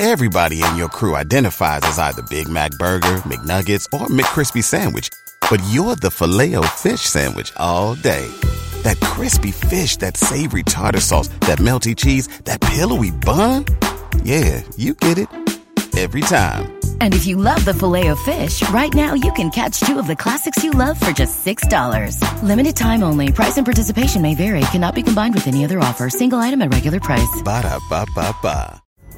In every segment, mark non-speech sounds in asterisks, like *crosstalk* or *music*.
Everybody in your crew identifies as either Big Mac Burger, McNuggets, or McCrispy Sandwich, but you're the filet fish Sandwich all day. That crispy fish, that savory tartar sauce, that melty cheese, that pillowy bun. Yeah, you get it. Every time. And if you love the filet of fish, right now you can catch two of the classics you love for just $6. Limited time only. Price and participation may vary. Cannot be combined with any other offer. Single item at regular price. Ba da ba ba ba.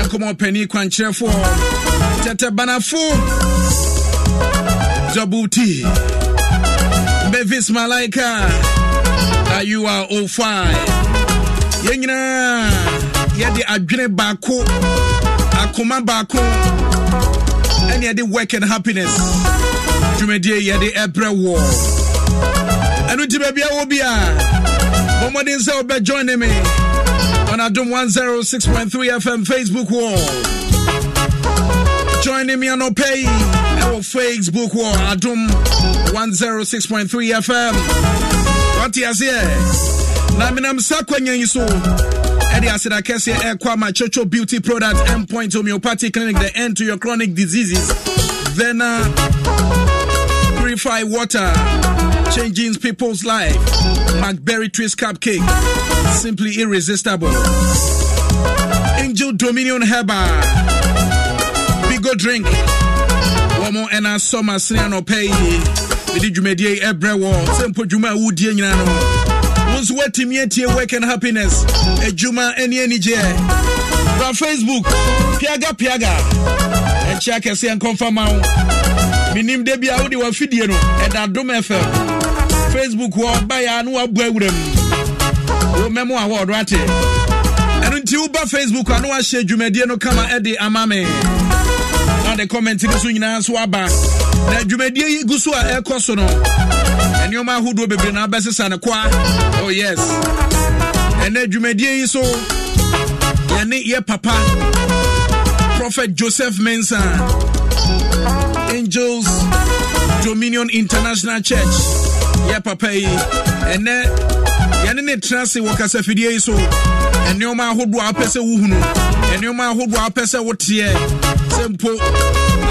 ɛnkɔmɔ ɔpani kwankyerɛfoɔ tɛtɛ banafo jabuti bevis malaika ayua ofai yɛn nyinaa yɛde adwene baako akoma baako ɛne yɛde work and happiness dwumadie yɛde ɛbrɛ wɔ ɛno nti baabi a wɔ bi a bɔmmɔden sɛ wobɛjoine me on Adum 106.3 FM Facebook wall. Joining me on Opey, our Facebook wall, Adum 106.3 FM. What is here? Na minam sakwanya yiso. Eddie Asida Kesia Ekwama Chocho Beauty Product Endpoint Homeopathy Clinic, the end to your chronic diseases. Then uh, purify water, changing people's life. Berry Twist Cupcake. Simply irresistible. Angel Dominion Heba. Bigo Drink. Womo ena soma siniano pay. did you ɛbrɛ wɔ sɛ Simple juma a wodie nyina no wo nso woatumi atie work and happiness adwuma ani anigyeɛ bra facebook piaga piaga ɛkyɛ akɛseɛ nkɔmfa ma wo menim da bia wode wafidie no ɛda dom fm facebook hɔ ɔbaeɛ a na woaboa awuram wo mɛmo awɔɔdo ate ɛno nti woba facebook a na woahyɛ dwumadie no kama ɛde ama me na de comment no so nyinaa so aba na dwumadie yi gu so a ɛrekɔ so no nneɛma ahodoɔ bebree na abɛsesa ne kwa oh yes ɛnɛ dwumadie yi so yɛne yɛ papa prophet joseph mensa angels dominion international church yɛ papa yi ɛnɛ yɛne ne tena se wɔ kasafidie yi so nneɛma ahodoɔ apɛ sɛ wohunu nneɛma ahodoɔ apɛ sɛ woteɛ sɛ mpo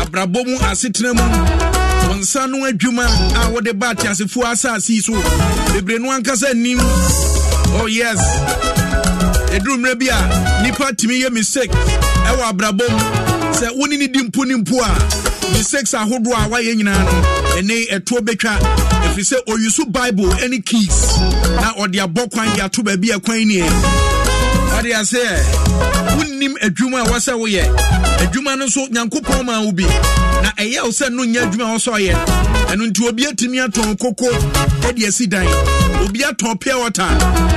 abrabɔ mu asetena mu nsa no adwuma a wɔde ba ateasefoɔ asase yi so bebree no ankasa nnim oh yes ɛduru mmerɛ bi a nnipa tumi yɛ mistake ɛwɔ abrabɔ mu sɛ wo ne ne di mpo ne mpo a mistakes ahodoɔ a woayɛ nyinaa no ɛne ɛtoɔ bɛtwa ɛfiri sɛ ɔyi so bible ne keys na ɔde abɔ kwan de ato baabi a neɛ ɔde ase ɛ wonnim adwuma a ɛwɔ sɛ woyɛ adwuma no nso nyankopɔn ma wo bi na ɛyɛ wo sɛ no nyɛ adwuma a wɔ sɛ ɔyɛ ɛno nti obi atumi atɔn koko ɛde asi dan obi atɔn pia wata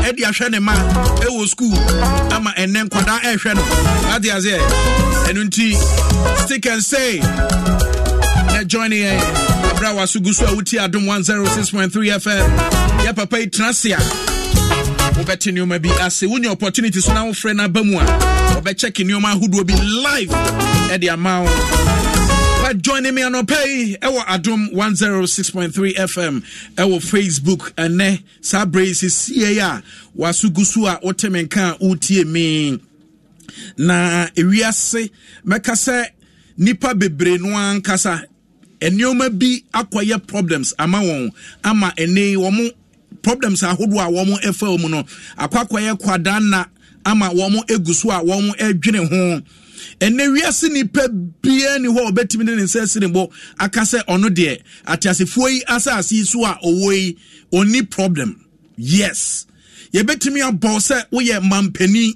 ɛde ahwɛ ne ma ɛwɔ skuul ama ɛnɛ nkwadaa ɛrehwɛ no ade ase ɛ ɛno nti stick and say na join yɛn abrɛ wɔ aso gu so a wotie adom 106.3 fm yɛ papa yi tena se wobɛte nneɔma bi ase wonya opportunity so na wofrɛ no aba mu a wɔbɛkyɛke nneɔma ahodoɔ bi live ɛde ama wo joining me on pay, ɛwɔ adom 106.3 fm ɛwɔ facebook ɛnɛ saa berɛ yi sesiei a wɔaso gu me na ewiase mɛka sɛ nipa bebree no ankasa nneɔma bi akɔyɛ problems ama wɔn ama ene wɔn problems ahodoɔ a wɔn ɛfa mu no akwakɔyɛ kwadaa na ama wɔn egu so a wɔn ɛdwene ho ɛnna wiase nipa bia ni hɔ a ɔbɛtumi de ne nsa asi ne bɔ aka sɛ ɔno deɛ ateasefoɔ yi asase yi so a ɔwɔ yi ɔni problem yes yɛbɛtumi abɔ sɛ woyɛ mampanin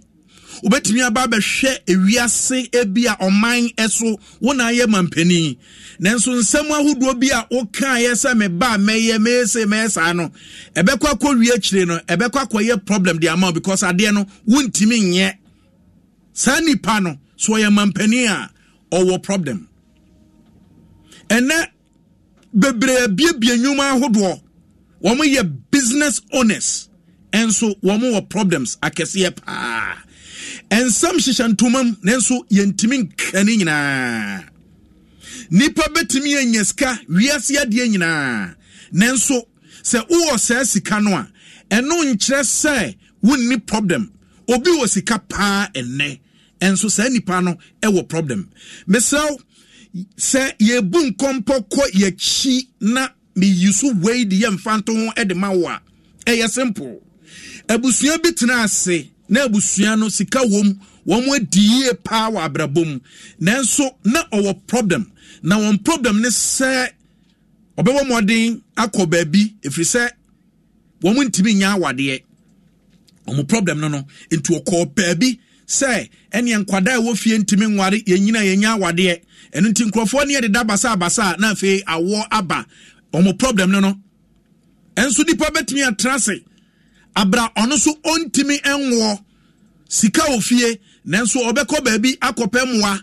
wobɛtumi aba abɛhwɛ ewiase ebi a ɔman ɛso wɔn ayɛ mampanin nanso nsɛm ahodoɔ bi a wokaa yɛ sɛ meba mɛyɛ mɛyɛsɛ mɛyɛ saa no ɛbɛkɔ akɔ wie akyire no ɛbɛkɔ akɔyɛ problem de ama because adeɛ no wontumi nyɛ saa nipa no so ɔyɛ mampanin a ɔwɔ problem ɛnɛ bebree abiebie nnwuma ahodoɔ wɔn yɛ business owners ɛnso wɔn wɔ problems akɛseɛ paa nsɛm hyehyɛ ntoma mu nanso yɛntumi nka ne nyinaa nipa bɛtumi anya sika wiase adeɛ nyinaa nanso sɛ wowɔ saa sika no a ɛno nkyerɛ sɛ wonni problem obi wɔ sika paa ɛnnɛ ɛnso saa nipa no ɛwɔ problem mesrɛw sɛ yɛbu nkɔmpɔ kɔ yɛkyi na meyi so wei de yɛmfa nto ho de ma wo a ɛyɛ simple abusua bi tena ase na abusua no sika wɔm wɔn adi yie paa wɔ abrabɔ mu nanso na ɔwɔ problem na wɔn problem ne sɛ ɔbɛwɔ mɔden akɔ baabi efiri sɛ wɔn ntumi nya awadeɛ wɔn problem no no nti ɔkɔɔ baabi sɛ ɛne nkwadaa ɛwɔ fie ntumi nware yɛn nyina yɛn nya awadeɛ ɛno nti nkurɔfoɔ ne yɛdeda basabasa na afei awɔ aba wɔn problem no no ɛnso nipa bɛtumi atena ase abra ɔno nso ɔntumi nwoɔ sika ofie nanso ɔbɛkɔ baabi akɔpɛ mmoa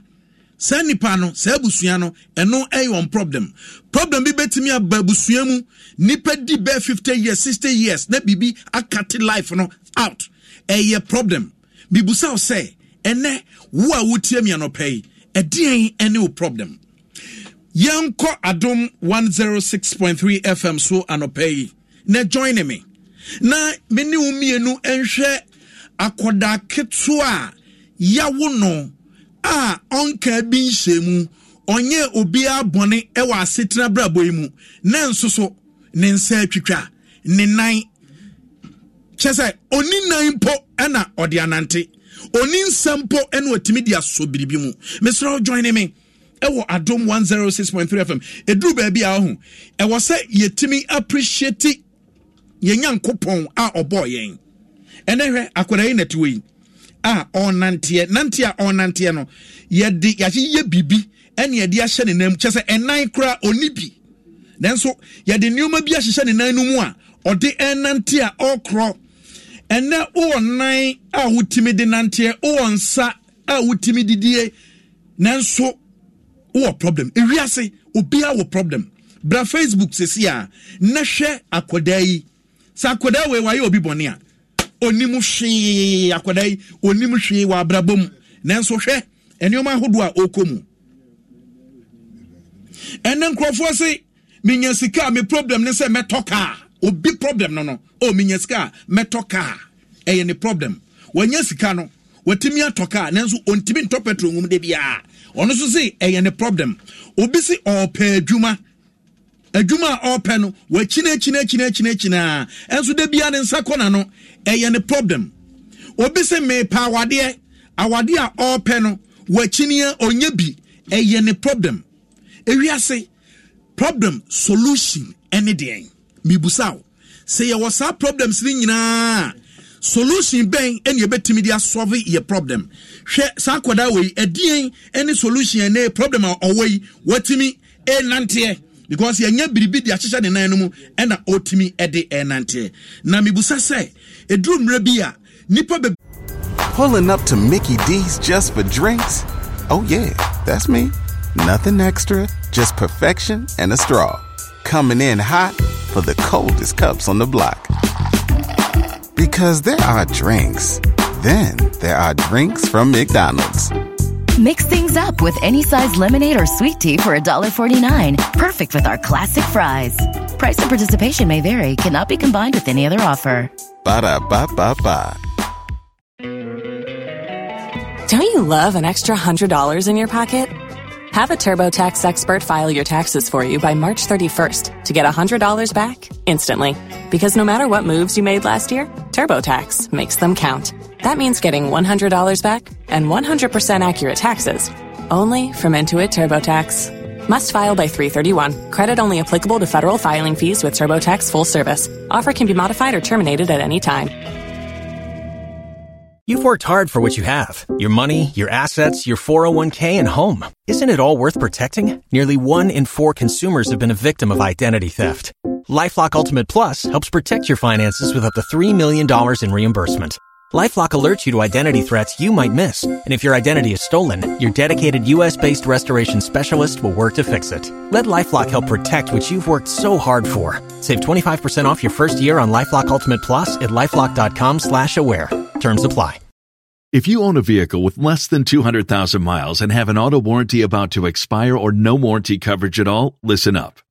saa nipa no saa abusua no ɛno ɛyɛ wɔn problem problem bi bɛtumi aba abusua mu nipa di bɛɛ fifty years sixty years na biribi akate life no out ɛyɛ problem bibusa sɛ ɛnɛ wo a wotie mi anɔpɛ yi ɛdeɛn ɛne wo problem yɛnkɔ adom one zero six point three fm so anɔpɛ yi na join me na me ne wo mmienu nhwɛ akɔda ketewa a yawo no a ɔnka bi nhyɛ mu ɔnyɛ obiara bɔne wɔ asetena brabɔ yi mu na nso so ne nsa atwitwa ne nan kyɛ sɛ ɔni nan mpo ɛna ɔde anante ɔni nsa mpo ɛna ɔtumi de asɔ biribi mu mesrɛ join me ɛwɔ adom 106.3 fm ɛduru baabi a ɔho ɛwɔ sɛ yɛtumi appreciate yɛn nyankopɔn a ɔbɔɔ yɛn ɛnɛ hwɛ akwadaa yi nɛtewa yi a ɔnanteɛ nanteɛ a ɔnanteɛ no yɛde yɛahyehyɛ biribi ɛne yɛde ahyɛ ne nan mu kyɛ sɛ ɛnan koraa ɔni bi nanso yɛde nneɛma bi ahyehyɛ ne nan no mu a ɔde ɛnante a ɔkorɔ ɛnɛ wowɔ nan a wotumi de nanteɛ wowɔ nsa a wotumi didie nanso wowɔ problem ewiase obiara wɔ problem bra facebook sisi a na hwɛ akwadaa yi sɛ akwadaa wei wayɛ obi bɔne a onim hwee akwadaa yi onim hwee wɔ abrabɔ mu nanso hwɛ nneɛma ahodoɔ a ɔkɔ mu ɛnɛ nkurɔfoɔ se menya sika a me problem ne sɛ mɛtɔ kaa obi problem no no o menya sika a mɛtɔ kaa ɛyɛ ne problem wanya sika no watumi atɔ kaa nanso ɔntumi ntɔ petrol nwom de biara ɔno nso se ɛyɛ ne problem obi se ɔɔpɛ adwuma adwuma a ɔrepɛ no wakyina kyina kyina kyina kyina ɛnso da bia ne nsa kɔ n'ano ɛyɛ ne problem obi sɛ meepa awadeɛ awadeɛ a ɔrepɛ no wakyiniɛ onye bi ɛyɛ ne problem ewiase problem solution ɛne deɛn mibusa o sɛ yɛwɔ saa problems ne nyinaa solution bɛn ɛna ebɛtumi de asɔve yɛ problem hwɛ saa akwadaa wei ɛdeɛn ɛne solution ɛne problem a ɔwɔ yi watumi ɛnanteɛ. E because yɛnyɛ biribi de ahyehyɛ ne nan no mu ɛna ɔtumi de ɛnanteɛ na mebusa sɛ ɛduru mmerɛ bi a nipa be pulling up to mickey d's just for drinks oh yeah that's me nothing extra just perfection and a straw coming in hot for the coldest cups on the block because there are drinks then there are drinks from mcdonald's Mix things up with any size lemonade or sweet tea for $1.49. Perfect with our classic fries. Price and participation may vary, cannot be combined with any other offer. Ba da ba ba ba. Don't you love an extra $100 in your pocket? Have a TurboTax expert file your taxes for you by March 31st to get $100 back instantly. Because no matter what moves you made last year, TurboTax makes them count. That means getting $100 back and 100% accurate taxes only from Intuit TurboTax. Must file by 331. Credit only applicable to federal filing fees with TurboTax full service. Offer can be modified or terminated at any time. You've worked hard for what you have your money, your assets, your 401k, and home. Isn't it all worth protecting? Nearly one in four consumers have been a victim of identity theft. Lifelock Ultimate Plus helps protect your finances with up to $3 million in reimbursement. LifeLock alerts you to identity threats you might miss, and if your identity is stolen, your dedicated U.S.-based restoration specialist will work to fix it. Let LifeLock help protect what you've worked so hard for. Save 25% off your first year on LifeLock Ultimate Plus at lifeLock.com/slash-aware. Terms apply. If you own a vehicle with less than 200,000 miles and have an auto warranty about to expire or no warranty coverage at all, listen up.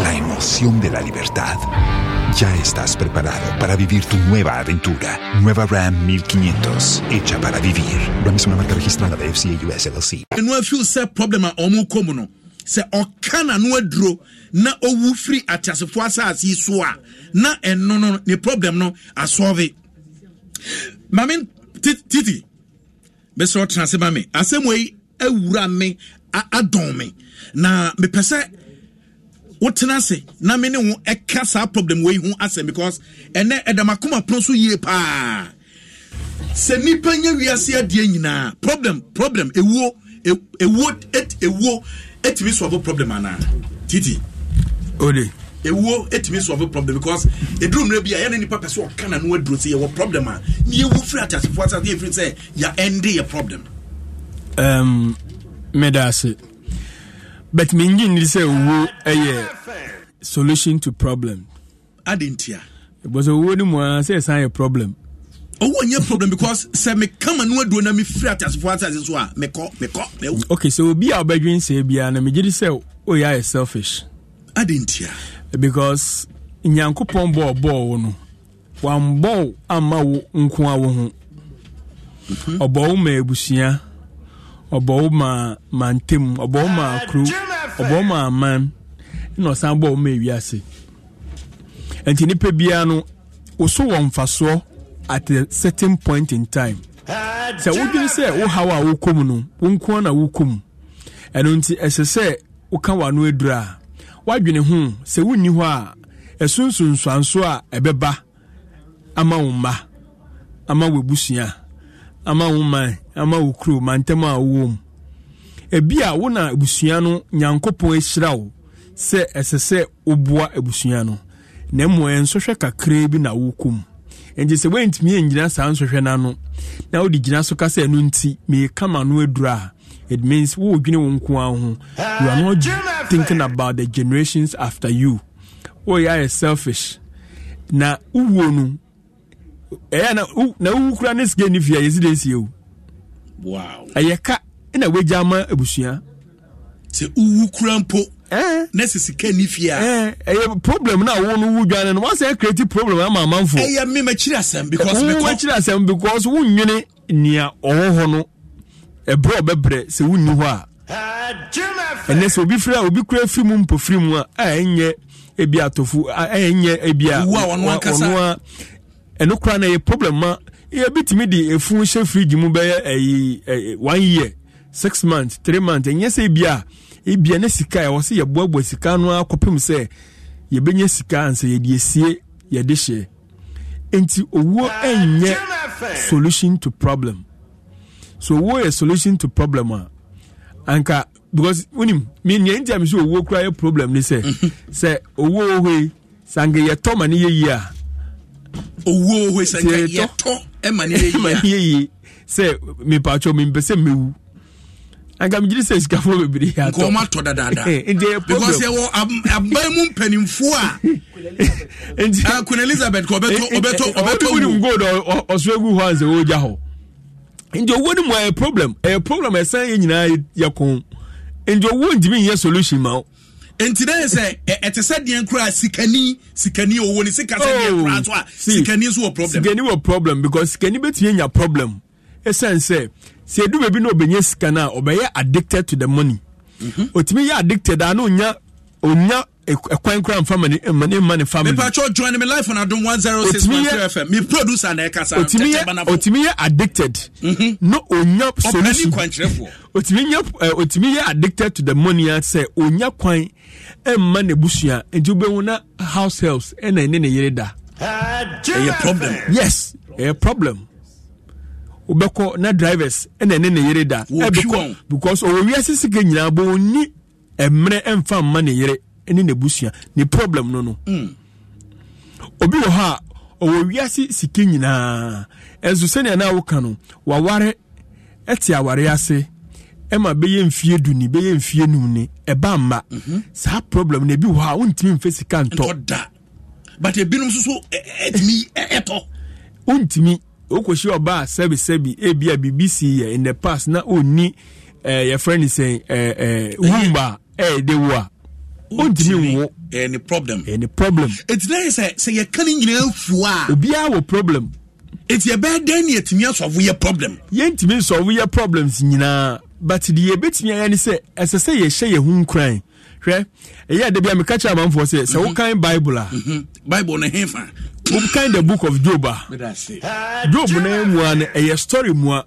la emoción de la libertad. Ya estás preparado para vivir tu nueva aventura. Nueva Ram 1500, hecha para vivir. Ram es una marca registrada de FCA US LLC. me wotena ase na me ne wo ɛka saa problem wei ho asɛm because ɛnɛ ɛdamakoma pono so yie paa sɛ nipa nya wiase adeɛ nyinaa problem problem ewuo e-, ewuo et ewuo etumi sɔfo problem ana titi. ode. ewuo etumi sɔfo problem because eduru mmerɛ bi a yɛn nipa pɛ sɛ ɔka na no aduro sɛ yɛwɔ problem a ni ewu firi atasefo asase efiri sɛ yɛ ɛnde yɛ problem. ɛɛm um, meda ase but me ngin ni sɛ owó ɛyɛ solution to problem. Adintia. Because owó ni mu a sɛ a yɛ problem. owó nyɛ problem because sɛ mi kama nua duro na mi firi atasefo atase so a mi call. mi call. mɛ wu. okay so be our bedroom. nsɛm be na mi gye di sɛ o yɛ ayɛ selfish. Adintia. because nyankopɔn bɔ ɔbɔɔ wo no wambɔ ama wo nko a wo ho mhm. ɔbɔ wo ma abusua. ɔbɔ ma ma ntɛm ɔbɔ ma ah, kuro ɔbɔ ma aman na ɔsan bɔ ɔma ewiase nti nipa bia no woso wɔ mfasoɔ at a certain point in time ah, sɛ wodwiri sɛ wo haw a wokɔ mu no wo nko na wokɔ mu ɛno nti ɛsɛ sɛ woka w'ano aduru a woadwene ho sɛ wonni hɔ a ɛsonso nsuanso a ɛbɛba ama wo mma ama w'abusua ama wo man ama wo kuro ma ntam a wowɔ mu ebi a wo na abusua no nyankopɔn ahyira wo sɛ ɛsɛ sɛ woboa abusua no na mmom nsɔhwɛ kakraa bi na wokɔ mu nti sɛ woantumi angyina saa nsɔhwɛ no ano na wode gyina so ka sɛ ɛno nti meekama no aduru a it means woredwene wo nko a ho you are not thinking about the generations after you woyɛ ayɛ selfish na wowuo no ɛyɛ na u na u kura ne sika ni fia yɛsi de sie o wow ɛyɛ ka ɛna wagya ama abusua sɛ uwu kura mpo na sɛ sika ni fia ɛyɛ problem na wo no wu dwane no wasɛ create problem ama amanfo ɛyɛ me makyiri asɛm because me makyiri asɛm because wo nwene nea ɔwɔ hɔ no ɛbrɛ ɔbɛbrɛ sɛ wonni hɔ a ɛnɛ sɛ obi firi a obi kura firi mu mpofiri mu a ɛnyɛ ebi atɔfo ɛnyɛ ebi a ɔno a ɛno koraa na ɛyɛ problem ma yɛbɛtumi de ɛfu hyɛ fridge mu bɛyɛ ɛyi ɛyi one year six months three months ɛnyɛ sɛ bia ebia ne sika ɛwɔ sɛ yɛboaboa sika no akɔpem sɛ yɛbɛnya sika ansa yɛde esie yɛde hyɛ nti owuo ah, ɛnyɛ solution to problem so owuo yɛ solution to problem a anka because wonim mi nea nti a mi sɛ owuo kura yɛ problem ne sɛ *laughs* sɛ owuo wɔ hɔ yi sanke yɛtɔ ma ne yɛ yie a owuo hɔ sɛ nka yɛtɔ ɛma ne yɛyi sɛ mepatwɛ mempɛ sɛ mɛwu anka megyere sɛ sikafoɔ bebree atɔ atɔ dadaada because yɛwɔ aban mu mpanimfoɔ a kun elizabeth ka ɔbɛtɔwnim gold ɔso agu hɔ ansɛ wɔgya hɔ nti owuo no mu ɛyɛ problem ɛyɛ eh, problem ɛsan yɛ nyinaa yɛko nti owuo ntimi nyɛ solution ma wo nti dɛ sɛ ɛte sɛ deɛ nkura sikani sikani owó ni sika sɛ deɛ nkura to a oh, sikani nso wɔ problem. sikani wɔ problem because sikani betumi nya problem esan sɛ sɛ edu beebi na obenye sika na ɔbɛyɛ addicted to the money. Otimi, mhm. yɛ addicted a na onya onya ɛkwan kura nfa ma ne ma ne family. nípa join me live on adum one zero six one two fm mi producer na ɛkasa tẹtẹ banafo. otimi yɛ addicted. Mhm. no onya solution otimi yɛ otimi yɛ addicted to the money sɛ onya kwan ɛmma eh, ne busua nti o bɛ hu na house helps ɛna eh, ɛne ne yere da. ɛyɛ eh, problem. yes ɛyɛ problem. wobɛkɔ na drivers ɛna ɛne ne yere da. wɔ piwɔn because owó wiase sike nyinaa bɔ oni ɛmmerɛ ɛnfa mma ne yere ne n'abusua ne problem no no hmm. obi wɔ hɔ a ɔwɔ wiase sika nyinaa ɛnso sɛnea na woka no waware ɛte aware ase ɛma bɛyɛ mfie du ni bɛyɛ mfie num ni ɛba mma mhm. saa problem no ebi wɔ hɔ a wontumi mfɛ sika ntɔ da but ebinom nso ɛtumi *laughs* ɛtɔ wontumi wokɔhyia ɔbaa sɛbisɛbi ebi a biribi si yɛ in the past na onni ɛɛ yɛfrɛ ne sɛn ɛɛ ɛɛ wumba ɛyɛ de wo wontumi nwo ɛne problem ɛne problem ɛti na yɛ sɛ sɛ yɛka ne nyinaa fuo a obiara wɔ problem ɛti ɛbɛyɛ dɛn ne yɛtumi asɔfo yɛ problem yɛntumi nsɔfo yɛ problems nyinaa but deɛ yɛbɛtumi ayɛ ne sɛ ɛsɛ sɛ yɛhyɛ yɛ ho nkuran hwɛ ɛyɛ ade bi a meka kyerɛ amanfoɔ sɛ sɛ wokan mhm. bible a mhm. bible no hefa wokan the book of job a job no mu a no ɛyɛ story mu a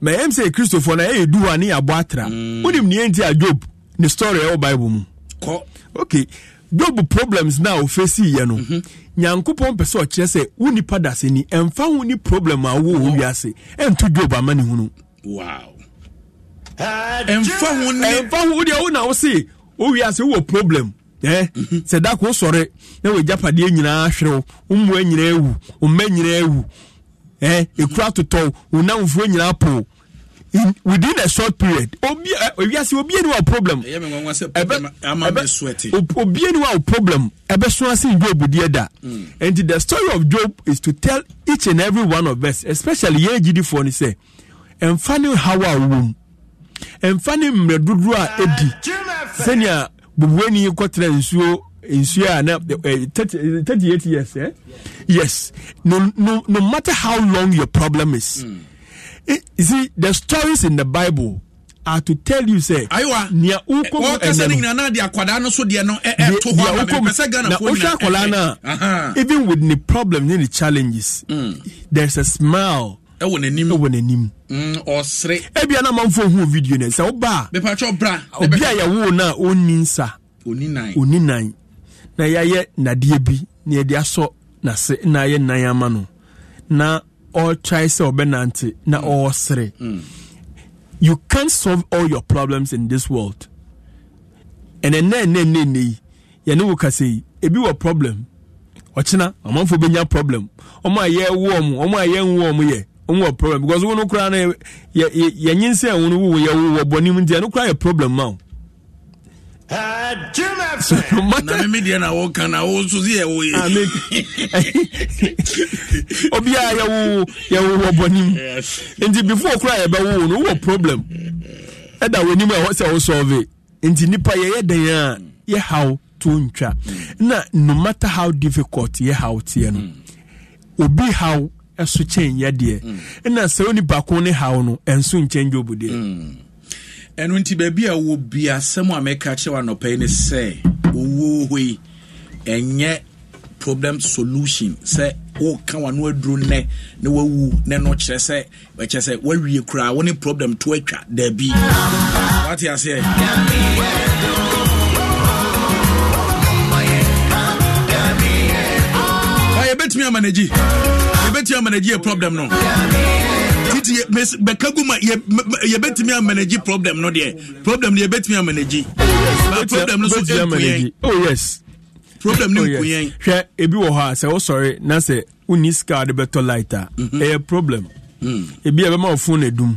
ma ɛm sɛ kristofoɔ na ɛyɛ duhɔ a ne yɛabɔ atra mm. wonim neɛ nti a job ne story ɛwɔ bible mu kɔ ok job problems na ofesi yɛ no mhm. nyankopɔn pɛ sɛ ɔkyerɛ sɛ wo nipa da se ni ɛmfa wo ni problem a wo wiase ɛnto ama ne hunu ɛmfa ho ne ɛmfa ho deɛ wo na wo se wo wiase wowɔ problem mhm. sɛ da ko na nyinaa wo mmoa nyinaa wo mma nyinaa in within a short period obi ewiase eh, obi eniwa o problem obi eniwa o problem ebe so ase job die da hmm. and the story of job is to tell each and every one of us especially yɛn gidi fo ni sɛ nfa ne hawa wom nfa ne mmerɛ dodoɔ a edi Senior, bubuwe ni kɔtena nsuo nsuo a na eh, eh, thirty eight years eh yes no no no matter how long your problem is. Mm. Eh, you see, the stories in the Bible are to tell you say. ayiwa nia eh, ukɔ mu ɛnɛ no wɔkasa ne nyinaa de akwadaa no so deɛ no ɛɛ eh, to hɔ ama mɛ pɛsɛ ghana fo nyinaa ɛɛ ɛɛ even with the problem ne the challenges. Mm. there is a smile. ɛwɔ n'anim ɛwɔ n'anim. Mm, ɔsere. ebi anam anfo ohun video na sɛ ɔba. bɛpɛtɛ ɔbra. obi a yɛwo na ɔni nsa. oni nan. oni nan na yɛayɛ nadeɛ bi na yɛde asɔ n'ase na ayɛ nan ama no na ɔretwae sɛ ɔbɛnante na ɔresere mm. you can solve all your problems in this world ɛnɛ nnɛ nnɛ nnɛ nnɛ yi yɛne wo kasa yi ebi wɔ problem ɔkyena ɔmanfo bɛnya problem ɔmo a yɛwo ɔmo ɔmo a yɛnwo ɔmo yɛ ɔmo wɔ problem because wo no koraa no yɛnyinsɛn wo no wo yɛ wɔ bɔnim nti ɛno koraa yɛ problem ma o na meme deɛ na woka na wo nso sɛ yɛwoyɛ obiaa yɛwo yɛwo wɔ bɔnem before koraa yɛbɛwo no wowɔ problem ɛda w'anim a sɛ wo sɔve ndị nnipa yɛyɛ dɛn a yɛhaw to ntwa na no matter how difficult yɛhaw teɛ no obi haw so kyɛn yɛdeɛ mm. sɛ wo nipa ko ne haw no ɛnso nkyɛn ɛno nti baabi a wɔ bi asɛm a mɛka kyerɛ w anɔpɛi ne sɛ ɔwuo ɛnyɛ problem solution sɛ woka wano aduro nnɛ na wawu ne no kyerɛ sɛ ɛkyerɛ sɛ woawie koraa wo ne problem to atwa daabi wate aseɛ yɛbɛtumi amanagyi yɛbɛtumi amanagyi yɛ problem no nti bɛka gu ma yɛbɛtumi amanagi problem no deɛ problem no yɛbɛtumi amanagi problem no so nkuyɛn oh yes problem no oh, nkuyɛn hwɛ ebi wɔ hɔ a sɛ wosɔre na sɛ wonni sika de bɛtɔ light a mhm. ɛyɛ problem mm. ebi ɛbɛma wo phone adum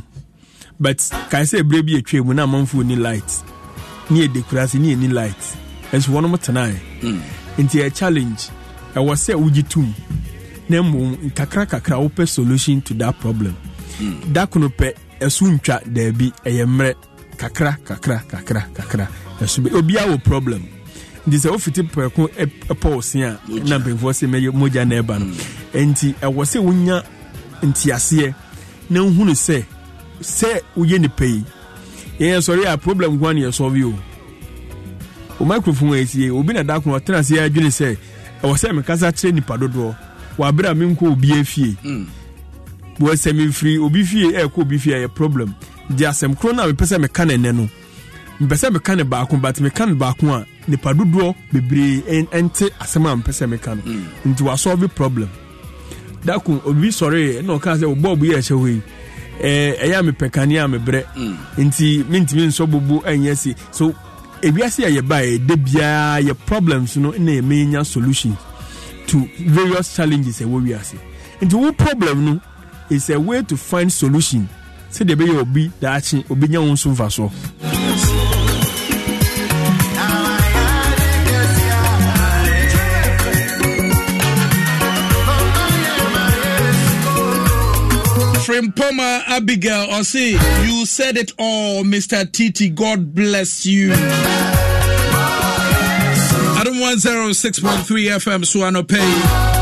but kae sɛ ebire bi atwa mu na amanfo ni light ne yɛ dekurase ne yɛ ni light ɛnso wɔn tenae mm. nti yɛ challenge ɛwɔ sɛ wogye tum na mmom kakra kakra wopɛ solution to that problem da kono pɛ ɛso ntwa daabi ɛyɛ mmerɛ kakra kakra kakra kakra ɛso bɛ obiara wɔ problem nti sɛ wofiti prɛko ɛpɔ ɔse a na mpanyinfoɔ sɛ mɛyɛ mogya na ɛba no mm. nti ɛwɔ sɛ wonya ntiaseɛ na nhunu sɛ sɛ woyɛ nipa yi yɛn sɔre a problem kwan yɛ sɔre o o microphone a esie obi na da kono ɔtena se adwene sɛ ɛwɔ sɛ mekasa kyerɛ nipa dodoɔ wɔ abere a menkɔ obi afie. Mm. wɔsɛm mfiri obi fie ɛkɔ obi fie ɛyɛ problem di asɛm koro no a mepɛ sɛ meka ne nɛ no mepɛ sɛ meka ne baako but meka ne baako a nipa dodoɔ bebree ɛnte asɛm a mepɛ sɛ meka no mm. nti wasɔlve problem dako obi sɔre na ɔka sɛ ɔbɔ ɔbu yɛ ɛhyɛ hɔ yi ɛɛ ɛyɛ a mepɛ kanea a mebrɛ mm. nti mentumi nsɔ bobo ɛnyɛ si so ewiase a yɛba yɛ de biara yɛ problems no na yɛ menya solution to various challenges ɛwɔ wiase nti wo problem no is a way to find solution sɛdeɛ ɛbɛyɛ obi daakye obɛnya wo nso mfa soɔ Frimpoma Abigail Ose, you said it all, Mr. Titi. God bless you. Adam 106.3 FM, Suano Pay.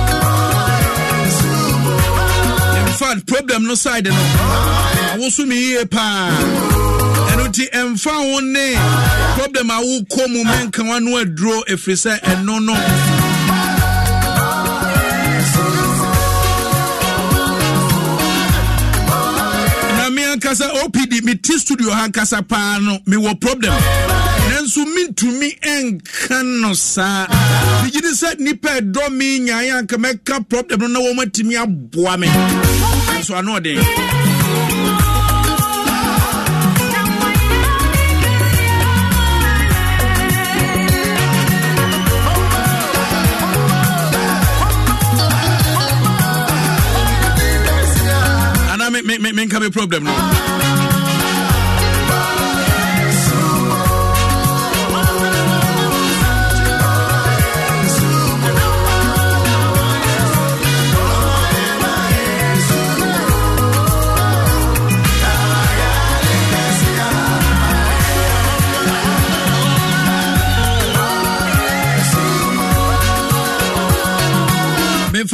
fact problem no side no awo so mi yie paa ɛno ti ɛmfa wo ne problem a wokɔ mu menka wano aduro ɛfiri sɛ ɛno no na me ankasa opd mete studio ha ankasa paa no mewɔ problem nanso mentumi ɛnka no saa megyene sɛ nnipa ɛdɔ mi nyaeɛ anka mɛka problem no na wɔmatumi aboa me so ano ɔden anaa menka me problem no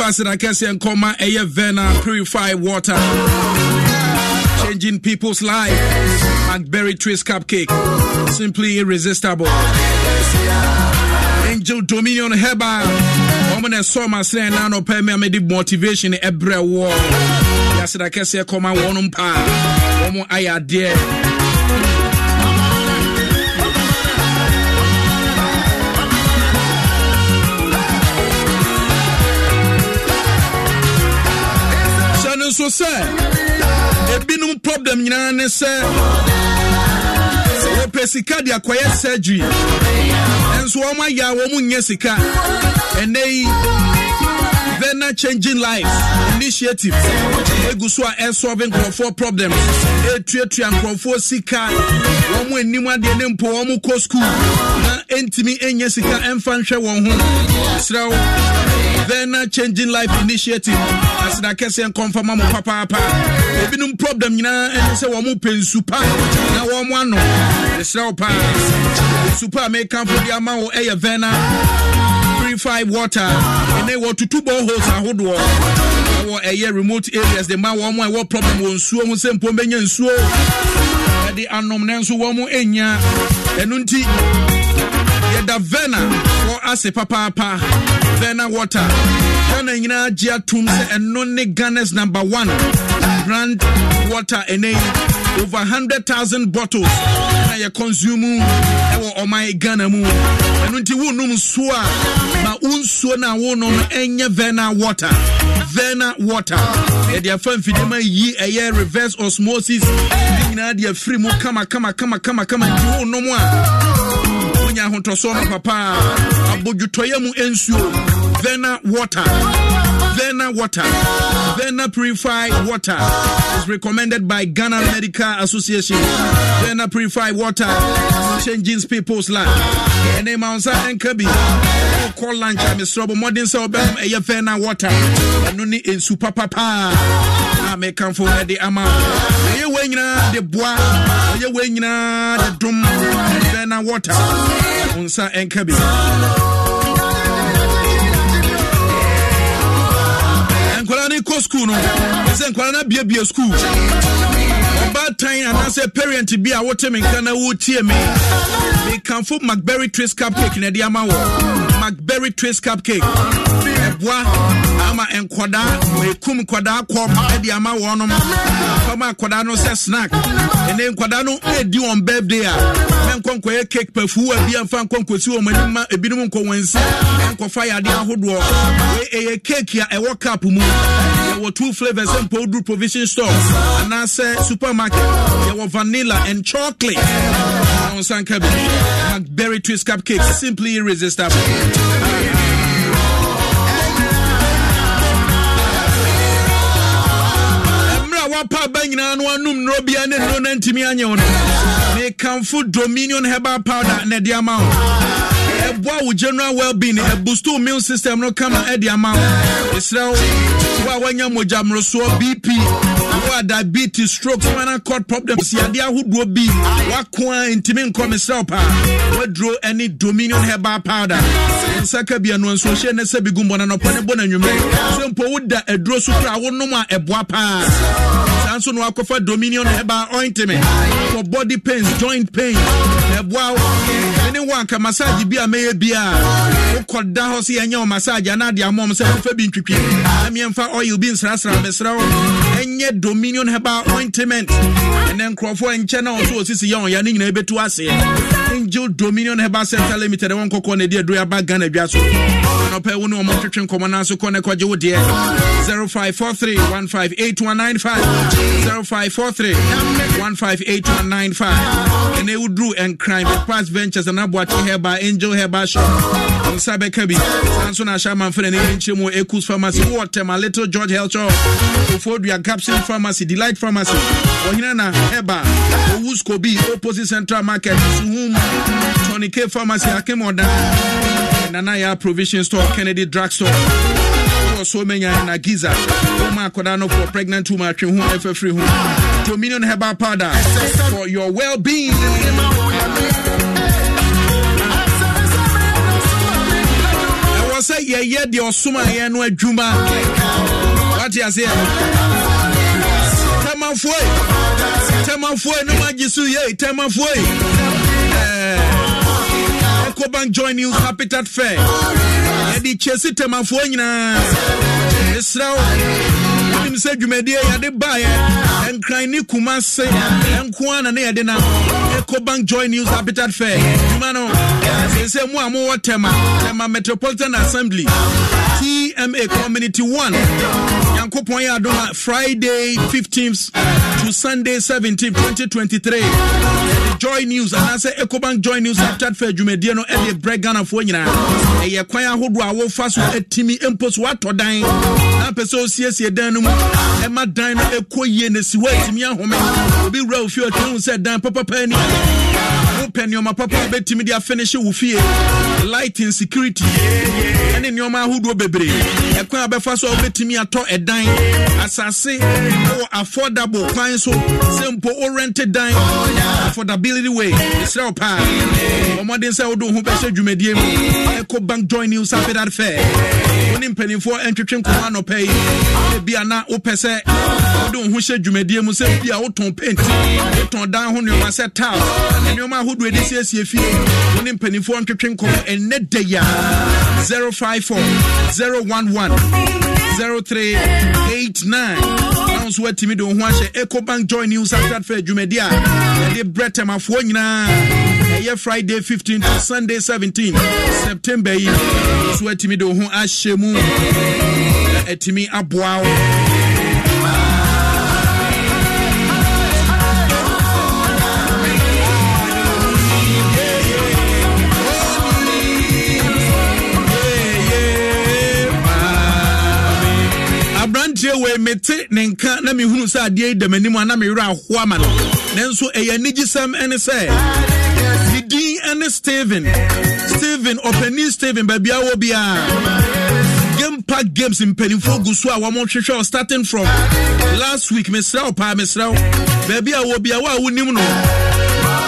Gas and Acacia Coma, Aya Vena, Purify Water. Changing people's life. Berry Twist Cupcake. Simply irresistible. Angel Dominion Herbal. Woman and Soma Sren Nano Pemia Medi Motivation every War. Gas and Acacia Coma, one umpa. One more idea. nso sɛ ebinom problem nyinaa ne sɛ wɔpɛ sika de akɔyɛ surgery nso wɔn ayɛ a wɔn nyɛ sika ɛnɛ yi. Ghana Changing Lives Initiative egu so a ɛsɔbe nkurɔfoɔ problems etuatua nkurɔfoɔ sika wɔn anim adeɛ ne mpo wɔn kɔ school na ntumi nyɛ sika mfa nhwɛ wɔn ho serew Ghana Changing Life Initiative asena kɛseɛ nkɔmfama mo papaapa ebinom problem nyinaa ɛne sɛ wɔn pɛ nsupa na wɔn ano serew paa nsupa a mekamfo de ama wo ɛyɛ Ghana purify water ɛnɛ wɔtutu boreholes ahodoɔ ɛwɔ ɛyɛ remote areas de ma wɔn a ɛwɔ problem wɔ nsuo ho sɛ mpom bɛnya nsuo ɛde anom ne nso wɔn anya ɛno nti yɛda vena wɔ ase papaapa vena water ghana nyinaa gye atom sɛ ɛno ne ghana's number one brand water ɛnɛ yi over hundred thousand bottles na yɛ consume ɛwɔ ɔman Ghana mu ɛnu ti wunum nsuo ma nsuo na wonom ɛnyɛ vena water vena water yɛde afa mfidima yi ɛyɛ reverse osmosis ne nyinaa de afiri mu kama kama kama kama kama nti wonom a wonya ahotosoɔ no papa abodwotɔyɛ mu nsuo vena water Vena water, Vena purified water is recommended by Ghana Medical Association. Vena purified water changes people's life. Ɛnɛ ma nsa nka bi I'm a mesrɛ bɔ mmɔden sɛ wobɛnom ɛyɛ Vena water ɛno ne I papapaa a mekamfo the amount. Are you nyinaa the boa Are you nyinaa the drum? Vena water wo and nka kɔ sukuu no sɛ nkwara no abiabia sukuu ɔbaatan anaasɛ parent bi a wote me nka na wotie me mekamfo macberry trace cupcake na ɛde ama wɔ macberry trace cupcake ɛboa ama nkwadaa ɛkum nkwadaa kɔm ɛde ama wɔnom fama akwadaa no sɛ snack ɛne nkwadaa no ɛdi wɔn birthday a nkɔ nkɔyɛ cake pafuwa bi amfa nkɔ nkɔsi wɔn anim ma ebinom nkɔ wɔn nsa nkɔfa yadeɛ ahodoɔ wei ɛyɛ cake a ɛwɔ cup mu yɛwɔ two flavors and powder provision store anaasɛ supermarket yɛwɔ vanilla and chocolate ɔnsan ka bi macberry twist cupcake simply irresistible wapa ba nyinaa no anom nnuro bia ne nnuro no antumi anyɛ wo no dominion herbal powder na ɛde ama ɛboa wo general well-being ɛbusto immune system no kama ɛde ama wo ɛsrɛ wo wo a woanya mogya mmorosoɔ bp wa diabetes stroke spinal cord problems yadeɛ ahodoɔ bi wako a ntumi nkɔ mesrɛ paa waduro ne dominion herbal powder nsa ka bia no nso hyɛ ne sɛ bi gu mbɔna nɔpɔ ne bɔ no anwummerɛ sɛ mpo woda aduro so kora wonom a ɛboa paa saa nso na wakɔfa dominion herbal ointment for body pains joint pain ɛboa wo wo anka massage bi a mɛyɛ biaa wokɔda hɔ sɛ yɛnyɛ wo massage anaade amɔm sɛ wofɛ bi ntwitwi na miɛmfa oil bi nsrasra mesrɛ wo ɛnyɛ dominion heba ointment ɛnɛ nkurɔfoɔ nkyɛ na wɔ so wɔsisi yɛ ɔya ne nyinaa bɛtu aseɛ angel dominion heba central limited wɔnkɔkɔ na ɛde aduru aba ghana dwa so anɔpɛ wo ne ɔmo twetwe nkɔmmɔ no so kɔ ne kɔgye wo deɛ 0543158195 ɛnɛ woduru ɛnkran bepas ventures anaboakye heba angel heba shop nsa bɛka bi saa nso na ahyɛ amanfo na neyɛ mu ecus pharmacy wowɔ tɛma little george health shop ofodua capsule pharmacy delight pharmacy ɔhena na heba owus kobi opposite central market suhum tony k pharmacy akem ɔdan Nanaya Provision Store, Kennedy Drug Store. So many in a giza. Oma akoda no for pregnant woman atwe ho efe free ho. Dominion herbal powder for your well-being. I was say yeah yeah the osuma yeah no juma. What you say? Temafoe. Temafoe no magi su yeah, temafoe. Ecobank join News Habitat Fair. Yɛde kyɛsi temafoɔ nyinaa. Mesrɛ wo. Wonim sɛ dwumadie yɛde baeɛ. Nkran ne kuma se nko ara na ne yɛde nam. Ecobank Joy News Habitat Fair. Dwuma no. Sɛ mu a mowɔ Tema, Tema Metropolitan Assembly, TMA Community 1 nyankopɔn yɛ adom a friday 15th to sunday 17 2023 yɛde joy news anaasɛ ecobank joy news aptat fa adwumadie no ɛde brɛ ghanafoɔ nyinaa ɛyɛ kwan ahodoɔ a wɔfa so atimi mpo so woatɔ dan na pɛ sɛ osiesie dan no mu ɛma dan no ɛkɔ yie na si hɔ ahome obi wura ofie ɔtumi hu sɛ dan papapa ani wopɛ nneɔma papa wobɛtumi de afɛnehyɛ wo fie light insecurity ɛne nneɔma ahodoɔ bebree ɛkwan a bɛfa so a wobɛtumi atɔ ɛdan asase wɔ affordable kwan so sɛ mpo worente dan affordability way ɛsrɛ wo paa ɔmmɔden sɛ wode wo ho bɛhyɛ dwumadie mu ɛkɔ bank join new sapedat fair wo ne mpanimfoɔ ɛntwetwe nkɔmɔ anɔpɛ yi ebia na wopɛ sɛ wode wo ho hyɛ dwumadie mu sɛ bi a wotɔn penti wotɔn dan ho nneɔma sɛ tal nneɔma ahodoɔ de siesie fie wo ne mpanimfoɔ ntwetwe nkɔmmɔ ɛnnɛ da yi a 054 011 0389 nso atumi de wo ho ahyɛ ecobank joy new sacred fair dwumadi a yɛde brɛ tɛmafoɔ nyinaa ɛyɛ friday 15 to sunday 17 september yi nso atumi de wo ho ahyɛ mu na atumi aboa wo wei mete ne nka na mehunu sɛ adeɛ yi dam anim a na mewerɛ ahoa ma no nanso ɛyɛ anigyesɛm ɛne sɛ ne din ɛne steven steven ɔpani steven baabia wɔ biaa game park games mpanimfoɔ gu so a wɔmhwehwɛ starting from last week mesrɛ wo paa mesrɛ wo baabi a wɔ biawa a wonim no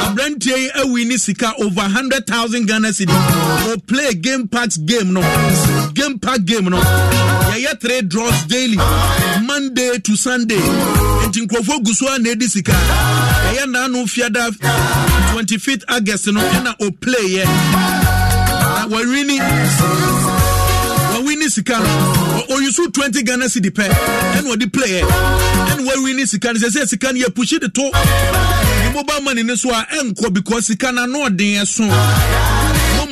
aberanteɛ yi awi ne sika over hundred thousand ghana cedi o play game park game no game park game no yɛyɛ three draws daily. Monday to sunday nti nkurɔfoɔ gu so a na ɛdi sika ɛyɛ naano fiada 25 august no ɛna ɔplayɛ na wɔwini wɔwini sika no ɔyusu 20 ghana cedi pɛ ɛna ɔde playɛ ɛna wɔwini sika no sɛ sɛ sika no yɛpuhyi de to ne mobile money no so a ɛnkɔ because sika no ano ɔden ɛso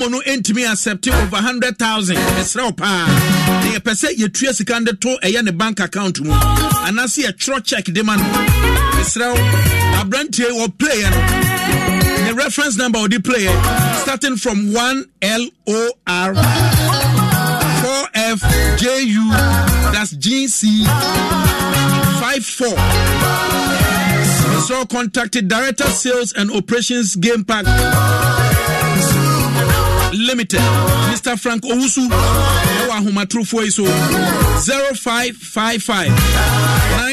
ɔmo no ntumi accept over hundred thousand ɛsrɛ wo paa na yɛpɛ sɛ yɛtua sika de to ɛyɛ ne bank account mu anaasɛ yɛtwerɛ check de ma no ɛsrɛ wo aberantie wɔ playɛ no ne reference number wɔde playɛ starting from 1 lor 4f ju that's gc C five four. so contacted director sales and operations game park limited mr frank owusu ɛwɔ ahomatorofoɔ yi so 0555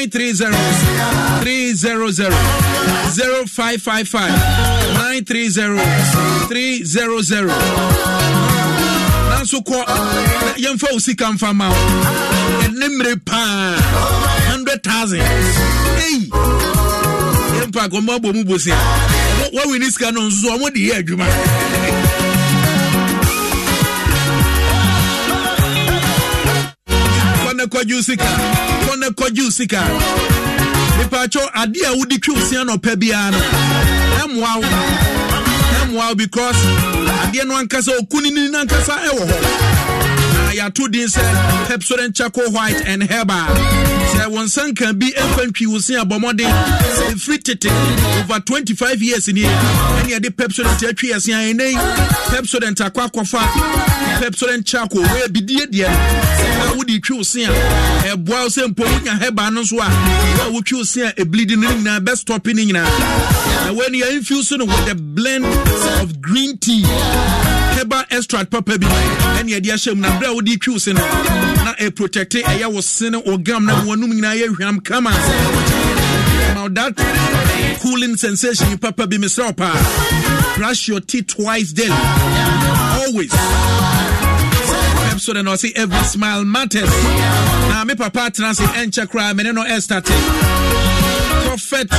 930 300 0555 930 300 nanso kɔ na yɛmfa wo sika mfa ma wo ɛne mmere paa 100000 ei yɛmpa kɔmmɔ abɔ mu bosia wɔwini sika no nso so ɔmode yɛ adwuma kɔne kɔgye jusika kɔne kɔgye jusika nipakyɛw adeɛ a wodi twi osia na ɔpɛ biara no ɛmoa wo ɛmoa wo because adeɛ no ankasa okunini no ankasa ɛwɔ hɔ yɛato din sɛ pepsodent chaco white and herba sɛ wo nsanka bi ɛmfa ntwi wo se abɔ mmɔden sɛ ɛfiri tete over 25 years nie ɛne yɛde pepsodent atwi yɛse a ɛnɛi pepsodent akɔ akɔfa pepsodent chaco wɔyɛ bidie deɛ no sɛ wode twi wo se a ɛboa wo sɛ mpo wonya herba no nso a na wotwi wo se a ɛbilidi no nyinaa bɛstɔpe no nyinaa na wɔani yɛmfiw so no with the blend of green tea herbal extract papa bi ɛne ɛde ahyɛ mu na berɛ a wode twiw se no na ɛprotɛkte ɛyɛ wo se ne na wɔnom nyinaa yɛ hwam kama now that cooling sensation you papa be myself pa. brush your teeth twice daily always episode and i say every smile matters now me papa trans and chakra me no estate prophet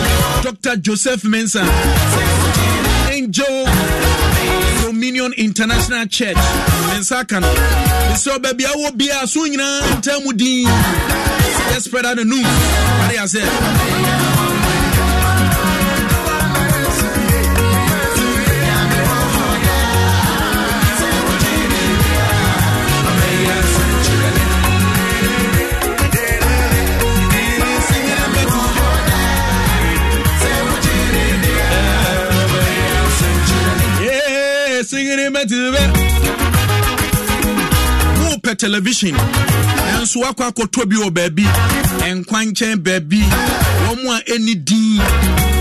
dr joseph mensa angel Dominion International Church. Mr. Baby, I will be a soon. Tell me, spread the news. you advertisement bɛ wopɛ television nanso wakɔ akɔtɔ bi wɔ baabi nkwankyɛn baabi wɔn a ɛni din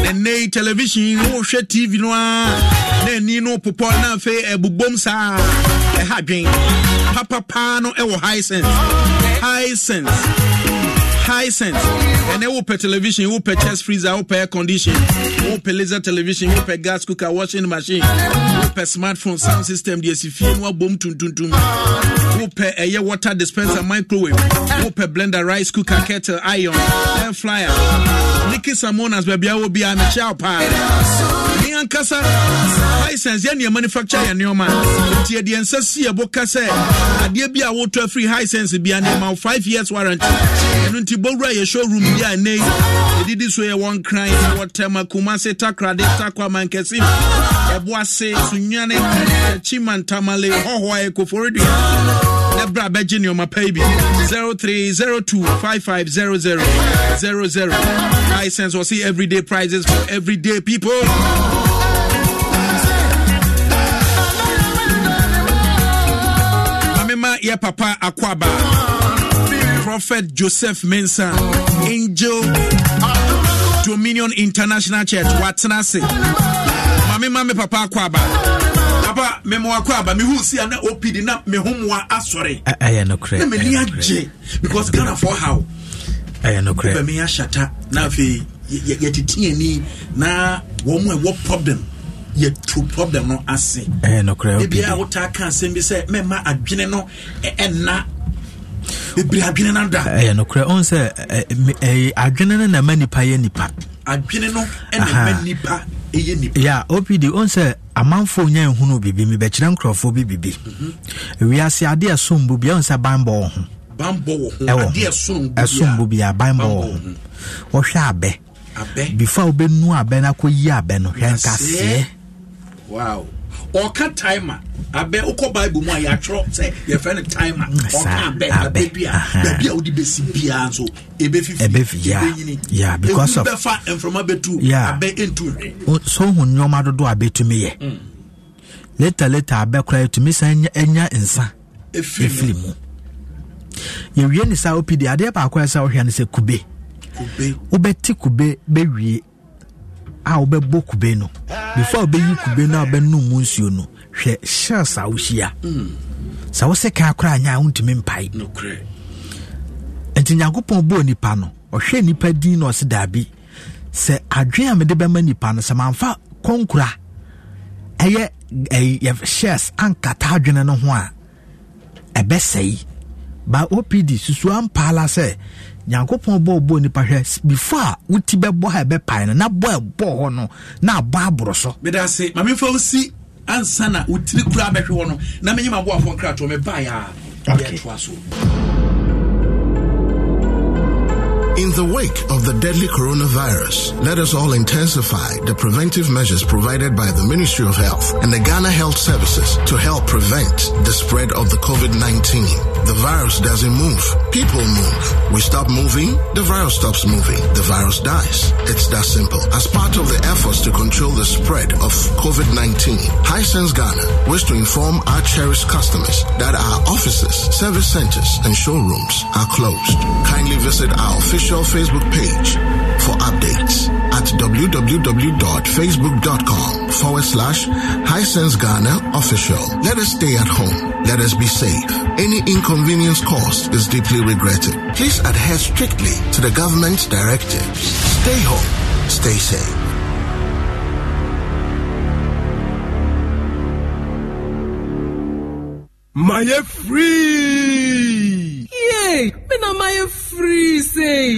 nɛnɛ yi television wohwɛ tv no a na ani no popɔ na afei ɛbobom saa ɛha dwen papapaa no ɛwɔ high sense high sense high sense. And then wopɛ television, wopɛ chest freezer, wopɛ air condition, wopɛ laser television, wopɛ gas cooker, washing machine. wopɛ smartphone sound system deɛ si fie no abom tuntuntum wopɛ ɛyɛ water dispenser microwave wopɛ blender rice cooker kettle iron air flyer niki samonas baabia wɔ biaa mekyɛ wo paa me ankasa hisense yɛneɛ manufacture yɛ nneɔma nti ɛdeɛ nsa si bo ka sɛ adeɛ bi a wotɔ afiri hisense bia ne ma wo 5 years warranty. ɛno nti bɔwura yɛ showroom bi a nnei ɛdidi so yɛ wɔn kran wɔtɛm kuma se takrade takwamankɛsim ɛboase sunyane chimantamale hɔhoa ɛkoforedua na bra bɛgye nneɔma pa bi 0302550000 license or see everyday prizes for everyday people mamema yɛ papa Aquaba, prophet joseph Mensah, angel dominion international church watena maame ma me papa akɔ aba papa memoa akɔ aba mehu si a na opidi na mehomoa asɔre ɛyɛ nokorɛ na m'ani agye because ghanafoɔ haw ɛyɛ nokorɛ wobɛme ahyata na afei yɛtete ani na wɔn mu ɛwɔ problem yɛtu problem no ase ɛyɛ nokorɛ opidi ebi a wotaa ka asɛm bi sɛ mɛma adwene no ɛna bebree adwene no da ɛyɛ nokorɛ ɔn sɛ adwene na ma nipa yɛ nipa adwene no ɛna ma nipa ɛyɛ nipa ya opd ɔn sɛ Amanfo nya ehunu bibi mibɛkyerɛ nkurɔfoɔ bi bibi mhm. wiase adeɛ sombo bi, ɔn sɛ banbɔ wɔ ho banbɔ wɔ ho adeɛ sombo bia banbɔ wɔ ho wɔhwɛ abɛ before wobɛnu abɛ no yi abɛ no hwɛ nkaseɛ wow ɔka timer abɛ wokɔ bible mu a yɛatwerɛ sɛ yɛfrɛ no timer ɔka abɛ abɛ bi a baabi a wode bɛsi biara nso ɛbɛfifiɛbɛnyini bɛfa mframa bɛtu abɛ ɛntu hwe so hu nneɔma dodoɔ a bɛtumi yɛ mm. later later abɛ koraa ɛtumi sa ɛnya nsa ɛfiri mu yɛwie ne saa opidi adeɛ baako ɛ sɛ wohwɛ no sɛ kube wobɛte kube bɛwie a wobɛbɔ kube no before wobɛyi kube no a wobɛnom mu nsuo no hwɛ hyɛ saa wohyia sɛ wo sɛ kaa koraa nyɛ a wontumi mpae nti nyankopɔn bɔɔ nipa no ɔhwɛ nipa din na ɔse daabi sɛ adwene a mede bɛma nipa no sɛ mamfa kɔnkura ɛyɛ ɛyɛ shares ankata adwene no ho a ɛbɛsɛe ba opd susua mpaala sɛ nyankopɔn bɔ ɔbɔ nipa hwɛ before a wuti bɛbɔ ha ɛbɛpae no na bɔ ɛbɔ hɔ no na abɔ aboro so. bɛda ase maame fɛ o si ansa na wotiri kura abɛhwɛ hɔ no na menyɛ ma bɔ afɔ nkratɔ mɛ baa yɛ yɛ to aso. In the wake of the deadly coronavirus, let us all intensify the preventive measures provided by the Ministry of Health and the Ghana Health Services to help prevent the spread of the COVID 19. The virus doesn't move, people move. We stop moving, the virus stops moving, the virus dies. It's that simple. As part of the efforts to control the spread of COVID 19, Hisense Ghana wishes to inform our cherished customers that our offices, service centers, and showrooms are closed. Kindly visit our official official Facebook page for updates at www.facebook.com forward slash Sense Ghana official. Let us stay at home. Let us be safe. Any inconvenience caused is deeply regretted. Please adhere strictly to the government's directives. Stay home. Stay safe. mayɛ free. yee mi na mayɛ free sey.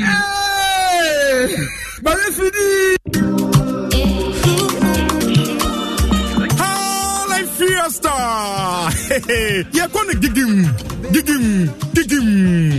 mayɛ fini. Fiesta! Hey, hey. Yeah, gonna gigim, gigim, gigim.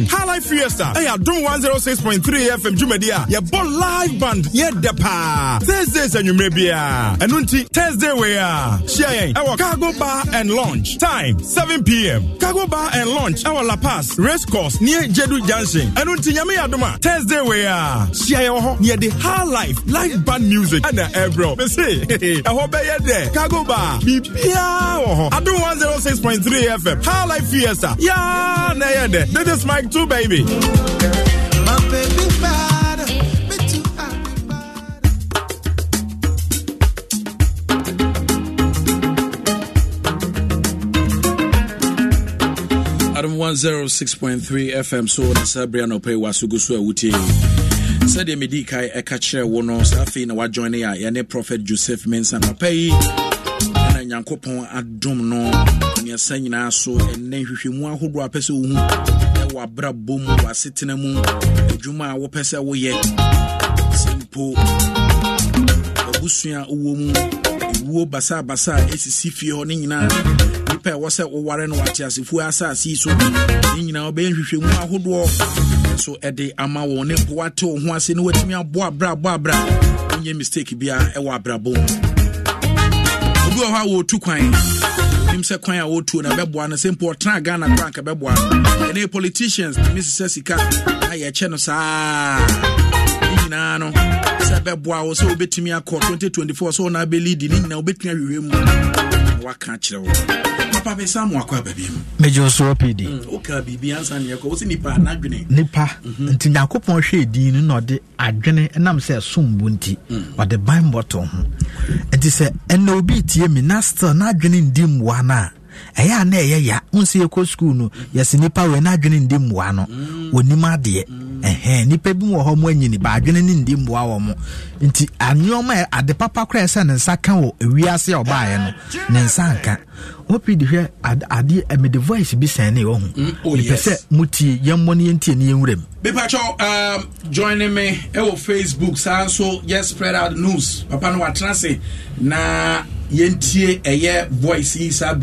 highlight fiesta ɛyɛ do 106.3 fm dwumadi a yɛbɔ live band yɛdɛ pa. thursdays anwummerɛ biara ɛno nti thursday wei a hyia yɛn cargo bar and launch time 7pm cargo bar and launch ɛwɔ la pass race course near jedu junction ɛno nti nyame yɛ thursday wei a hyia yɛn wɔ hɔ na high life live band music ɛna ebro. me se ɛhɔ bɛyɛ dɛ cargo bar biribiara uh, wɔ do 106.3 fm high life fiesta yaa na ɛyɛ dɛ this mic too, baby. Adam 106.3 FM so na sabria pay wasugu so uti. sɛdeɛ medii kae ɛka kyerɛ wo no saa afei na wajoine a yɛne prophet joseph mensa papa yi ɛna nyankopɔn adom no neɛsa nyinaa so ɛnɛ hwehwɛmu ahodoɔ a pɛ sɛ wohu Wabra mu w'asetena mu adwuma a wopɛ sɛ woyɛ sɛ mpo w'abusua mu ewuo basabasa a esisi fie hɔ ne nyinaa nipa ɛwɔ sɛ woware no wate asefuo asase yi so ne nyinaa wobɛyɛ nhwehwɛmu ahodoɔ so ɛde ama wɔn ne mpo wate wo ho ase ne woatumi aboa abrabɔabra wonyɛ mistake biara ɛwɔ abrabɔ mu obi wɔ hɔ a wɔɔtu kwan nim sɛ kwan a wɔtuo na bɛboa no sɛ mpo ɔtena ghana kora bɛboa no ɛne politicians tumi sesɛ sika na yɛkyɛ no saa ne nyinaa no sɛ bɛboa wo sɛ wobɛtumi akɔ 2024 sɛ wona bɛlidi ne nyinaa wobɛtumi ahwehwɛ mu waka kyerɛ wo papa bɛsa mo akɔ abaabi mu mɛgye wosoro pd woka biribi ansa neɛ kɔ wo sɛ nipa anadwene nipa mhm. nti nyankopɔn hwɛ ɛdin no na ɔde adwene nam sɛ sombo nti mm. ɔde ban ho nti sɛ ɛnna obi tie mi na still n'adwene ndi mmoa no a ɛyɛ a na ɛyɛ ya nsi kɔ sukuu no yɛsi nipa wɔ ɛna adwene ndi mmoa no onim mm. adeɛ mm. ɛhɛn nipa bi wɔ hɔ mo anyini ba adwene ne ndi mmoa wɔ mo nti anneɛma ade papa koraa ɛsɛ ne nsa ka wɔ ewiase ɔbaayɛ no ne nsa nka wopi de hwɛ adeɛ ɛmɛ eh, de voice bi sɛn ne ɔho mm, oh, mepɛ sɛ motie yɛmmɔ no yɛntie ne yɛnwuram bipatwɛ um, joining me ɛwɔ eh, facebook saa nso yɛ spread out news papa no watena se na yɛntie ɛyɛ voice yi saa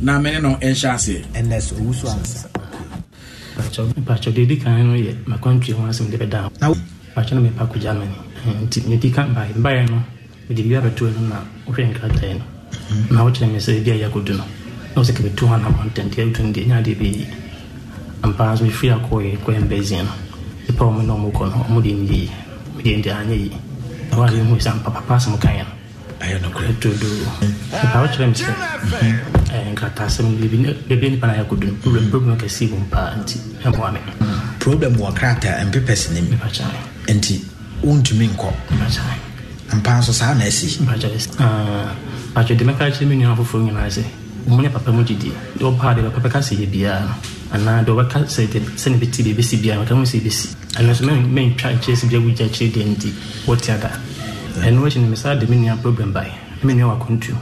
na mene no ɛnhyɛ aseɛ ɛnɛ so ɔwu so ansa mpatwɛ deɛ di kan no yɛ makwantwe ho asɛm de bɛda mpatwɛ no mepa kɔ germany nti medi ka mbaeɛ mbaeɛ no mede wia bɛtoɛ no na wohwɛ nkrataeɛ no na wokyerɛ me sɛ bia yɛakɔdu no na wo sɛ kɛbɛtu hɔ nawantant no na ɔmokɔ no ɔmo deɛ nyɛ yi medeɛ ndeɛ anyɛ yi na wɔa yɛhu sɛ ampa papa asɛm kaeɛ no ɛtodo nipa wokyerɛ me sɛ nkratasɛm bɛbia nipa no problem problem kɛsɛ wɔ mpaa nti ɛmoa me mm-hmm. problem wɔ krataa mpepɛs no mu nti nkɔ ampa so saa na atwɛ kyerɛ me nua nyinaa sɛ mu ne papa mu didi deɛ ɔbaa deɛ papa bɛka sɛ yɛ biara anaa deɛ ɔbɛka sɛne bɛti deɛ biara ɔka mu sɛ ɛbɛsi ɛno so mentwa nkyerɛ sɛ biagu gya kyerɛ deɛ nti wɔte ada ɛno akyi no me de me nua problem bae me nua wakontu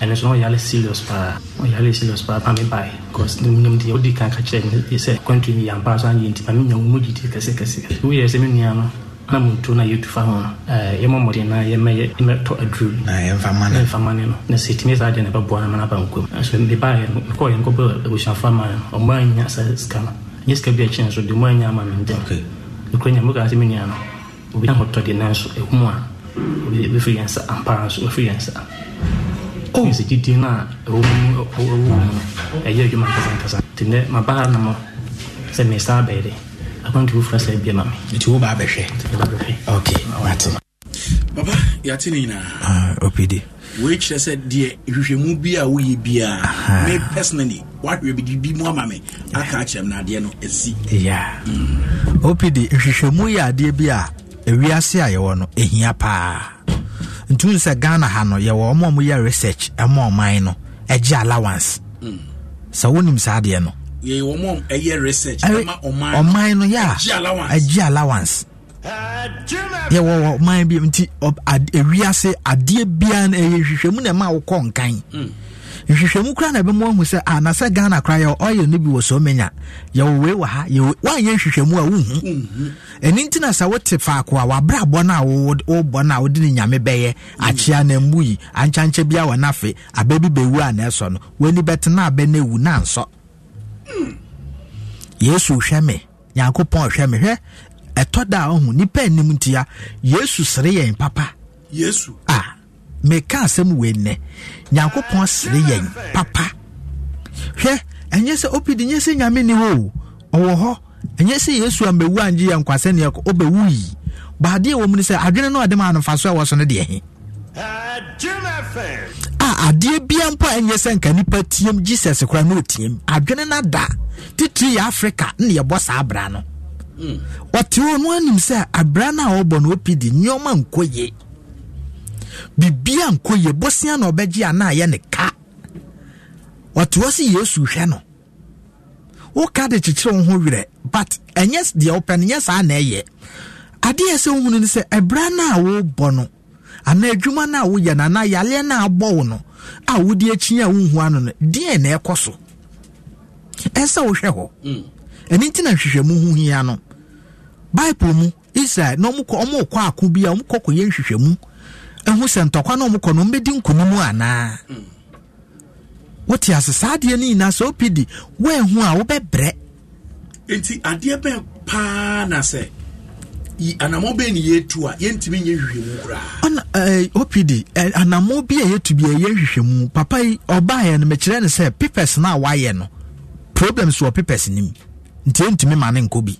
ɛno so na ɔyare serious paa ɔyare serious paa ma mebae because nim deɛ wodi kan ka kyerɛ me sɛ kwantu mi yɛ ampa so anyɛ nti ma menya wo mu didi kɛsɛkɛsɛ woyɛ sɛ me nua no na muntu na yɛtufa eh, fa no yɛma mmɔden na yɛmɛyɛ yɛmɛtɔ aduru yɛmfa mane no na sɛ ɛtumi saa deɛ na ɛbɛboa no ma no aba nkɔm nso mebaɛ no mekɔɔ yɛ nkɔbɛ abusuafoɔ ama no ɔmo anya saa sika no nyɛ sika bi akyɛn so de mo anya ama me ntɛm ɛkura nya mokaa sɛ menya no obi ahotɔ de nanso ɛhum a bɛfiri yɛn sa ampara nso bɛfiri yɛn sa sɛ gyidie no a ɛwɔ mu no ɛyɛ adwuma nkasakasa nti nɛ mabaa no mo sɛ mesaa bɛɛ akwanti wofura sɛ bia ma me nti woba bɛhwɛ ok wate papa yɛate ne nyinaa ah, opd woekyerɛ sɛ deɛ hwehwɛmu bi a woyɛ biaa me personally woahwɛ biribi mu ama me aka akyerɛ m no adeɛ no asi ya mm. opd nhwehwɛmu yɛ adeɛ bi a ewiase a yɛwɔ no ɛhia paa ntum sɛ ghana ha no yɛwɔ ɔma ɔmo yɛ research ɛma ɔman no ɛgye allowance mm. sɛ wonim saa adeɛ no yɛyɛ wɔn a ɛyɛ research ama ɔman ɔman no yɛ a agye allowance e yɛwɔ ɔman bi nti ewiase adeɛ biara no ɛyɛ hwehwɛmu na ɛma wokɔ nkan nhwehwɛmu hmm. koraa na ɛbɛmu ahu sɛ a ah, na sɛ ghana koraa yɛ ɔyɛ no bi wɔ so menya yɛwɔ wei wɔ ha yɛwɔ woanyɛ nhwehwɛmu a wohu ɛno nti na sɛ wote faako a wabrabɔ no a wobɔ no a wode ne nyame bɛyɛ hmm. akyea na mmu yi ankyankyɛ bia wɔ no afe aba bi bɛwu a na ɛsɔ no w'ani bɛtena abɛ no awu na ansɔ yesu hwɛ me nyankopɔn hwɛ me hwɛ ɛtɔ da ɔhu nipa anim ntia yesu sere yɛn papa yesu a meka asɛm wei nnɛ nyankopɔn sere yɛn papa hwɛ ɛnyɛ sɛ opidi nyɛ sɛ nyame ni hɔ o ɔwɔ hɔ ɛnyɛ sɛ yesu a mɛwu angye yɛ nkwasɛ ɛkɔ ɔbɛwu yi baadeɛ wɔ mu no sɛ adwene no ɔde ma anofaso a wɔ so no deɛ he adeɛ bia mpo a ɛnyɛ sɛ nka nipa tiam jesus kora na ɔtiam adwene no da titiri yɛ africa ne yɛbɔ saa abra no hmm. ɔte hɔ no anim sɛ abra no a ɔbɔ no ɔpidi nneɔma nkɔye ye biribia nkɔ bosea na ɔbɛgye a na ayɛ ne ka ɔte hɔ sɛ yesu hwɛ no woka de kyekyere wo ho werɛ but ɛnyɛ deɛ wopɛ no nyɛ saa na ɛyɛ adeɛ sɛ wohunu no sɛ ɛbra no a wobɔ no anaa adwuma no a woyɛ no anaa yaleɛ no a abɔ wo no a wodi akyi a wonhu ano no deɛ na ɛkɔ so ɛsɛ wohwɛ hɔ mm. ɛno nti na nhwehwɛmu ho hia no bible mu israel na ɔmokɔ ako bi a ɔmokɔ kɔyɛ nhwehwɛmu ɛho sɛ ntɔkwa na ɔmokɔ no ɔmbɛdi nkonim anaa mm. wote ase saa adeɛ no nyinaa sɛ opidi woanhu a wobɛbrɛ nti adeɛ bɛn paa na sɛ anammɔ bɛn ni yɛtu a yɛntumi nyɛ mu koraa ɔna ɛɛ eh, opd ɛ eh, anammɔ bi a yɛtu bi a yɛ mu papa yi ɔbaayɛ no mɛkyerɛ no sɛ pepɛs na wayɛ no problems wɔ pepɛs nim nti yɛntumi ma ne nkɔ bi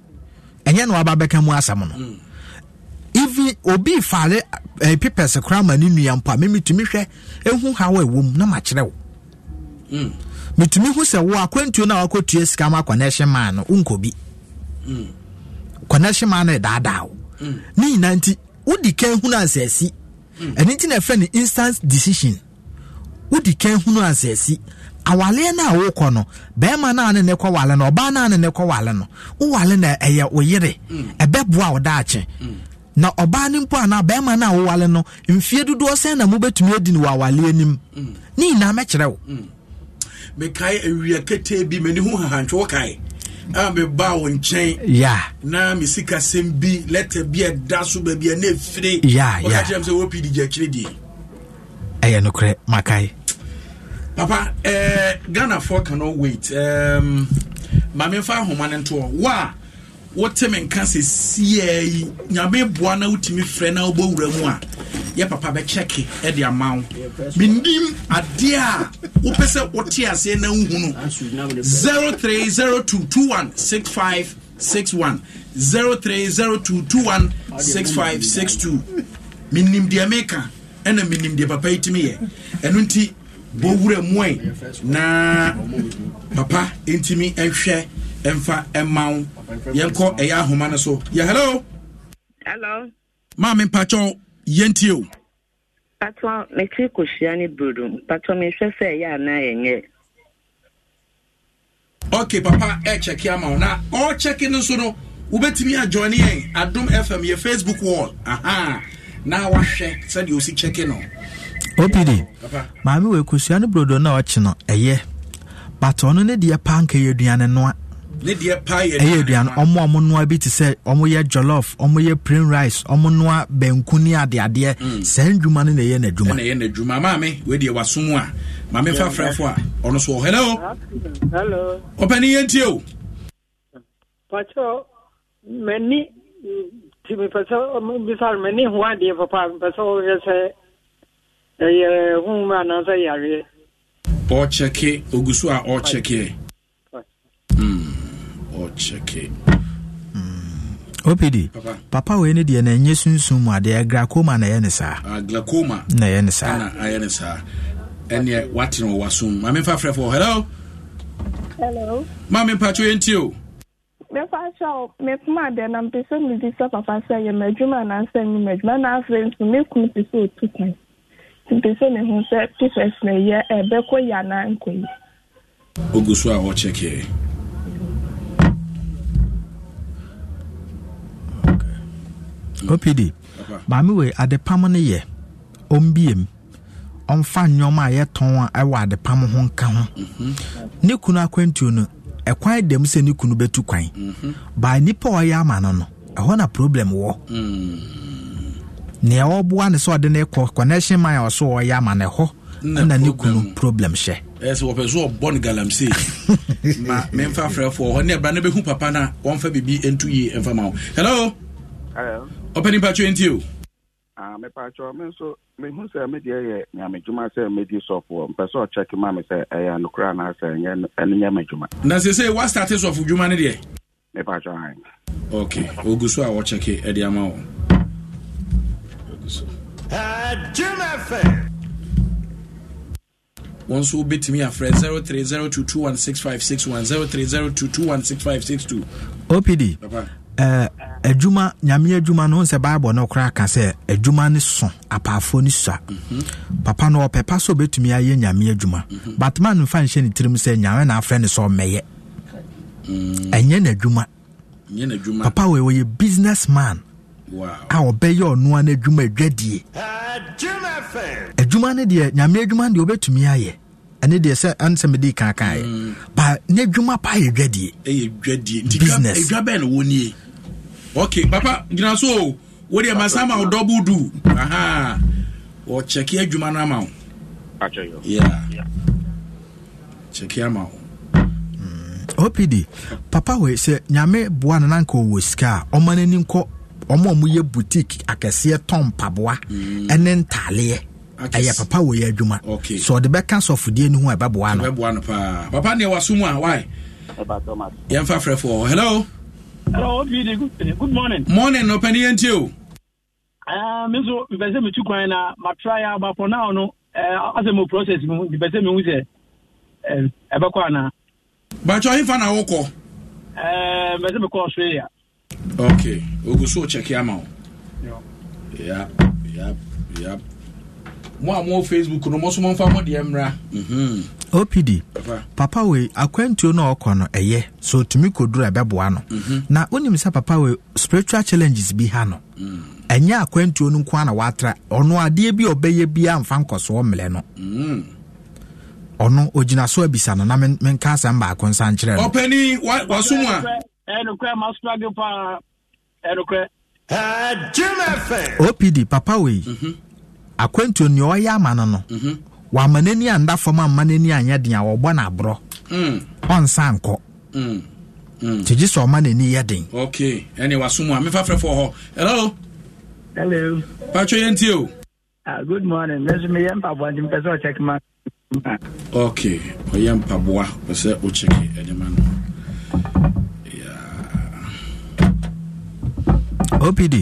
ɛnyɛ na waba bɛka mu asɛm no mm. even obi faale ɛɛ eh, pepɛs koraa ma ne nua mpo a mɛmi tumi hwɛ ehu ha wɔ ewom na ma kyerɛ wo mɛtumi mm. hu sɛ wo akwantuo na wakɔtua sika ma connection maa no nkɔ bi. Mm. connection maa no daadaa o mm. ne nyinaa nti wodi kan hunu asaasi mm. ɛno nti na ɛfrɛ no instant decision wodi kan hunu asaasi awaleɛ no wokɔ no bɛrima naa a ne ne kɔ wale no ɔbaa no a ne ne kɔ wale no wowale no ɛyɛ wo yere mm. ɛbɛboa wo daakye na ɔbaa no mpo anaa bɛrima no a wowale no mfie dodoɔ sɛn na mobɛtumi adi no wɔ awale anim ne nyinaa mɛkyerɛ wo mekae awia ketee bi m'ani ho hahantwe wo kae a meba wo nkyɛn ya na me sikasɛm bi lɛtɛ bi ɛda so baabi a na ɛfire ya ya ɔka kyerɛ m sɛ wɔpi de gya akyire deɛ ɛyɛ nokorɛ makae papa eh, ghanafoɔ ka no wait um, ehm, mamemfa ahoma no ntoɔ wo a wote me nka sɛ siaa yi nyame boa na wotumi frɛ na wobɔwura mu a yɛ papa bɛkyɛke ɛde ama wo menim adeɛ a wopɛ sɛ wote aseɛ na wohu no 0302216561 0302216562 menim deɛ meka ɛna menim deɛ papa yi tumi yɛ ɛno nti bɔwura mmoe na papa ntumi nhwɛ mfa mma wo yɛnkɔ ɛyɛ ahoma no so yɛ hello hello maame mpakyɛw yɛntie o patɔ mete kosua ne brodo patɔ mehwɛ sɛ ɛyɛ anaa ɛnyɛ ok papa ɛkyɛke ama wo na ɔkyɛke no nso no wobɛtumi ajoine yɛn adom fm yɛ facebook wall aha na wahwɛ sɛdeɛ ɔsi kyɛke no opd maame wɔ kosua ne brodo no a ɔkye no ɛyɛ but ɔno ne deɛ paa nkɛyɛ aduane noa ne deɛ paa yɛ aduane ɔmo ɔmo noa bi te sɛ ɔmo yɛ jollof ɔmo yɛ plain rice ɔmo noa banku ne adeadeɛ mm. saa ndwuma no na ɛyɛ na ɛyɛ maame wedeɛ wasom a maame fa frɛfo a ɔno so ɔhɛlɛ o hello ɔpɛni o papa a ɔkyɛke hmm. opd papa wei ne deɛ na ɛnyɛ sunsum mu adeɛ glacoma na ɛyɛ ne na ɛyɛ ne saa ah, ne saa ɛneɛ wate no wɔwasom hello ma yɛnti o mefa na mpɛ sɛ medi papa sɛ yɛ m'adwuma anaasɛ na afei nso mekum sɛ ɔtu kwan nti sɛ sɛ na ɛyɛ ɛbɛkɔ yɛ anaa nkɔ yi so opd maame wei adepam no yɛ ɔmbiem ɔmfa nneɛma a yɛtɔn a ɛwɔ adepam ho nka ho mhm. ne kunu akwantuo no ɛkwan dɛm sɛ ne kunu bɛtu kwan mhm. ba nipa ɔyɛ ama no no ɛhɔ na problem wɔ mm. nea ɔboa ne sɛ ɔde ne kɔ connection man a ɔso ɔyɛ ama no ɛhɔ ɛna ne kunu problem hyɛ ɛsɛ wɔpɛ so ɔbɔ no galamsey *laughs* ma memfa frɛfoɔ hɔ ne ɛbra no bɛhu papa na a wɔmfa biribi ɛntu yie ɛmfa ma wo hello, hello. ɔpɛni mpatsɔ yɛn ti o. Ah, mepatsɔ me nso mehu sɛ me deɛ yɛ nyamedwuma sɛ medi sɔfoɔ mpɛ sɛ ɔkyɛke ma me sɛ ɛyɛ nokora anaasɛ ɛno nyɛ m'adwuma na sɛ sɛ woastate sɔfo dwuma no deɛ mepatsɔ ha ok ɔgu so a wɔkyɛke ɛde ama wo wɔn nso wobɛtumi afrɛ 0302216561 0302216562 opd Papa. Eh, adwuma nyame adwuma no sɛ bible no koraa ka sɛ adwuma no so apaafoɔ no sua mhm. papa no ɔpɛpa sɛ obɛtumi ayɛ nyame adwuma mhm. but no mfa nhyɛ ne tirim sɛ nyame na afrɛ no sɛ ɔmmɛyɛ mm. ɛnyɛ n'adwuma papa wei wɔyɛ business man a ɔbɛyɛ ɔnoa no adwuma adwadie adwuma no deɛ nyame adwuma no deɛ wobɛtumi ayɛ ɛne deɛ sɛ ɛne sɛ mede kakaeɛ mm. ba n'adwuma pa yɛ dwadie business ok papa gyina so o wo deɛ masa ma wo dɔbo du aha wɔkyɛke adwuma no ama hmm. wo yeah. kyɛke ama wo opd papa wei sɛ nyame boa no nanka ɔwɔ sika a ɔma no ani nkɔ ɔma ɔmo yɛ boutique akɛseɛ tɔn mpaboa ɛne ntaaleɛ ɛyɛ papa wɔ yɛ adwuma sɛ ɔde bɛka sɔfodie no ho a ɛbɛboa no papa neɛ waso mu a wae yɛmfa frɛfoɔ hello Hello, good morning. Morning, ọpẹni yẹn ti o. Mi nso mpẹsẹ my tu kwan na ma no ya agbapọ náà no process mu mpẹsẹ mi hu sẹ ẹ bẹ kọ àná. Australia. Okay, ogu so check ya out yeah yeah yeah yap. Facebook no mo so mo -hmm. opd papa wei akwantuo no ɔkɔ no ɛyɛ so otumi kɔduru ɛbɛboa no mhm. na wonim sɛ papa wei spiritual challenges bi ha no mm. ɛnyɛ akwantuo no nko a na watra ɔno adeɛ bi ɔbɛyɛ bi amfa nkɔsoɔ mmerɛ no mm. ɔno nọ. so abisa no na menka asɛm baako nsa nkyerɛ no ɔpani wasom a opd papa wei mhm. akwantuo nea ɔyɛ ama no no mhm. wama n'ani anda fam amma n'ani anya den a wɔbɔ no aborɔ ɔnsa nkɔ kyegye sɛ n'ani yɛ den ok ɛne waso mu a mefa frɛfoɔ hɔ hello hello patwɛ yɛntie o ah, good morning mɛso meyɛ mpaboa nti mpɛ sɛ ɔkyɛke ma ok ɔyɛ mpaboa pɛ sɛ wokyɛke ma no opd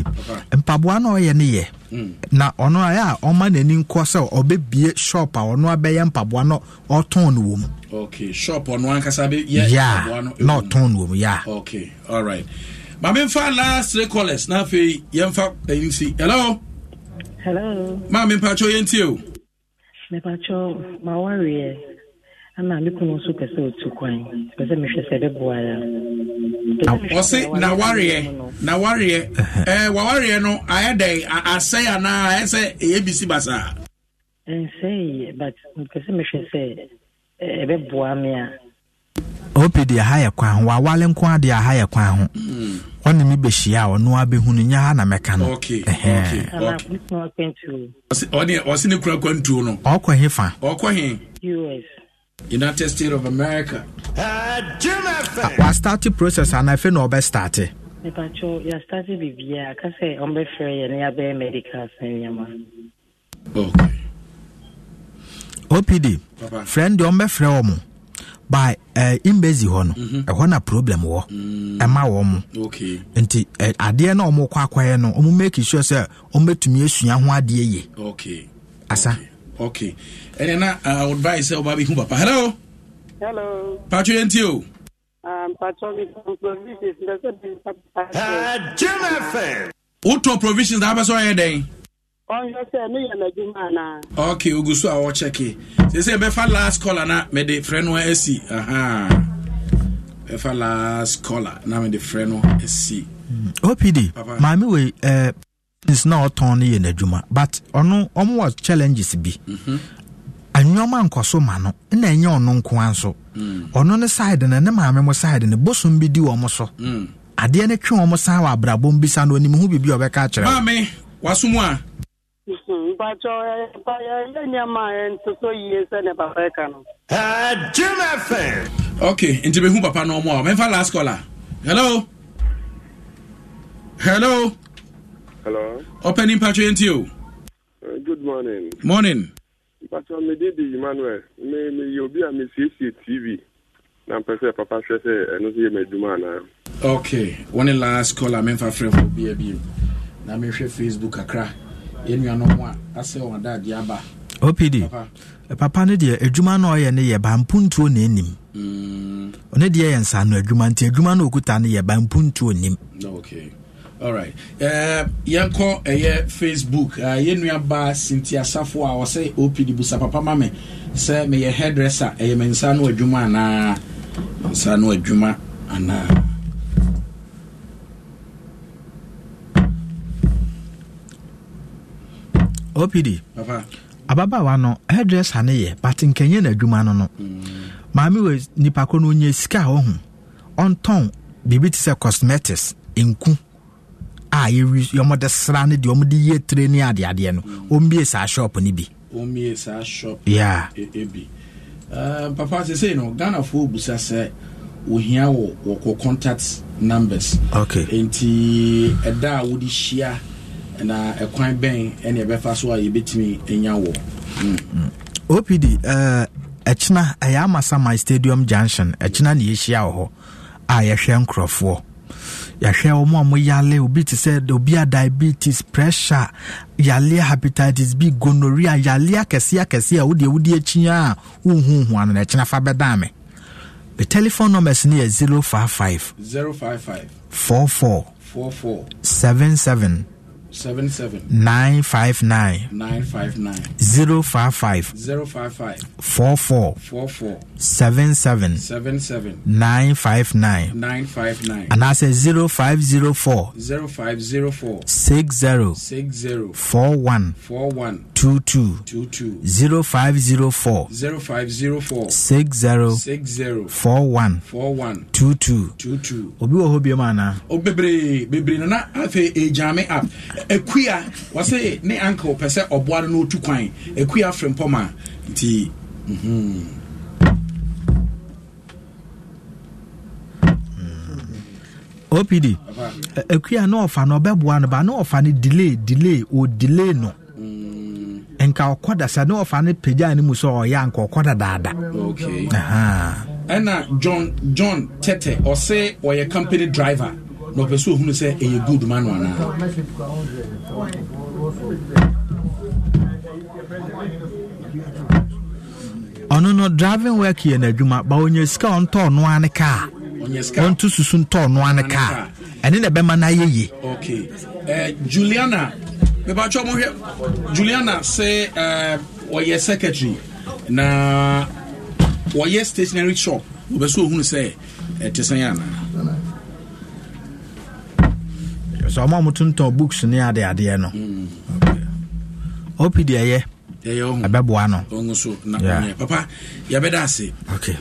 mpaboa na ɔyɛ ne yɛ hmm. na ɔno ayɛ a ɔma n'ani nkɔ sɛ ɔbɛbie shop a ɔno abɛyɛ mpaboa na ɔtɔn no wɔ na ɔtɔn no wɔ mu yɛa mamemfa last three na afei yɛmfa nsi hello hello ma mempakyɛ yɛntie o ama me kunu nso pɛ sɛ otu kwan pɛ sɛ mehwɛ sɛ ɛbɛboa ya ɔse nawareɛ nawareɛ ɛɛ wawareɛ no ayɛ dɛn asɛe anaa ayɛ sɛ ɛyɛ bisi nse eh, ɛnsɛe but pɛ sɛ mehwɛ sɛ ɛbɛboa me a opi deɛ ha yɛ kwan ho wawale nko adeɛ ha yɛ kwan ho hmm. ɔne me bɛhyia a ɔno abɛhu nya ha na mɛka no ne kura kwantuo no ɔkɔ he fa united states of america wastarte process anaafe na ɔbɛstarte nipakyɛw yɛastarte biribiaa ka sɛ ɔmbɛfrɛ yɛ na yɛabɛyɛ medical sa nneɛma opd frɛ n deɛ ɔmbɛfrɛ wɔ mo by uh, eh, imbezi hɔ no mhm. na problem wɔ ɛma wɔ mo nti eh, adeɛ na ɔmo kɔ akɔyɛ no ɔmo make sure sɛ ɔmbɛtumi esua ho adeɛ yie asa okay. okay ɛnɛ na uh, advice sɛ e, woba bɛhu papa hello hello patwerɛ nti um, oh, mm. o wotɔ provisions provisions da wopɛ sɛ ɔyɛ dɛn ok ogu so a wɔkyɛke sɛ sɛ bɛfa last collar na mede frɛ no asi aha bɛfa last collar na mede frɛ no asi opd maame wei eh, things na ɔtɔn no yɛ n'adwuma but ɔno ɔmo wɔ challenges bi anwoma nkɔso ma no na ɛnyɛ ɔno nkoa nso ɔno ne side no ne maame mo side no bosom bi di wɔn so adeɛ no twe wɔn san wɔ abrabɔ bi san no onim ho biribi a ɔbɛka akyerɛ maame wasom a hmm, mpatsɔ ɛyɛ nneɛma ntoso yie sɛ ne papa ka no jim fm Ok, nti mehu papa no ɔmo a memfa last caller hello hello Hello. Opening patch enti o. Uh, good morning. Morning. Pastor Medidi Emmanuel, me me you be a me CCTV. TV. Na mpɛ papa hwɛ sɛ ɛno so me duma na. Okay, One last call a memfa frɛ fo bia bio. Na mehwɛ Facebook kakra. Yɛn e nuanom a asɛ wɔn adaadeɛ aba. OPD. Papa, e papa no deɛ adwuma no ɔyɛ ne yɛ bampuntuo na anim. Mm. Ɔno deɛ yɛ nsa no adwuma nti adwuma no okuta no yɛ bampuntuo nim. Okay. alright uh, yɛnkɔ ɛyɛ uh, facebook uh, yɛn nua baa cynthia safo a ɔsɛ opd busa papa ma me sɛ meyɛ hairdresser ɛyɛ uh, me nsa no adwuma anaa me nsa no adwuma anaa opd ababaawa no hairdresser ne yɛ but nkɛnyɛ n'adwuma no no mm. maame wɔ nipa koro no onye sika a ɔhu ɔntɔn biribi te sɛ cosmetics nku a yɛm de sra no deɛ ɔm de yɛ tire ne ade no ɔmmie saa shop no bi ɔmmie saa shop yeah bi e, e papa sesei no ghanafoɔ busa sɛ ohia wɔ wɔkɔ contact numbers okay nti ɛda a wode hyia na ɛkwan bɛn ɛne ɛbɛfa so a yɛbɛtumi ɛnya wɔ hmm. opd ɛkyena ɛyɛ amasama stadium junction ɛkyena na yɛhyia wɔ hɔ a yɛhwɛ nkurɔfoɔ yɛhwɛ wɔn a wɔyale obi te sɛ obi a diabetes pressure yale hepatitis b gonorrhea yale akɛseɛ akɛseɛ a wo ewudi ekyia a wohun hu ano na ɛkyɛn fa bɛdan mi the telephone numbers ni yɛ zero five five zero five five four four four four seven seven. 959 055 44 77 959 anaasɛ 0504 60 41 22 0504 0504 60 41 41 22 22 obi wɔ hɔ biom anaa bebree bebree no na afei ɛgyame eh, app akua wɔse ne ankle pɛ sɛ ɔboa no na ɔtu kwan akua afrɛ mpɔm a nti mhm. opd akua e, na ɔfa no ɔbɛboa no ba na ɔfa no delay delay o delay no nka ɔkɔda sɛ ne ɔfa ne pagya no mu sɛ ɔyɛ anka ɔkɔda daada ɛna john john tɛtɛ ɔsɛ ɔyɛ company driver na ɔpɛ sɛ ɔhunu sɛ ɛyɛ good ma no anaa ɔno no driving work yɛ n'adwuma ba ɔnya sika ɔntɔ ɔnoa ne kaa ɔnto susu ntɔ ɔnoa ne kaa ɛne na ɛbɛma no ayɛ ye juliana mebatwa mo hwɛ juliana sɛ eh, ɔyɛ secretary na ɔyɛ stationary shop wɔbɛ so ohun sɛ ɛte eh, sɛn ana. sɛ ɔma motontɔn books ne adeadeɛ no ɔpi mm. deɛ ɛyɛ ɛbɛboa no papa yɛbɛda ase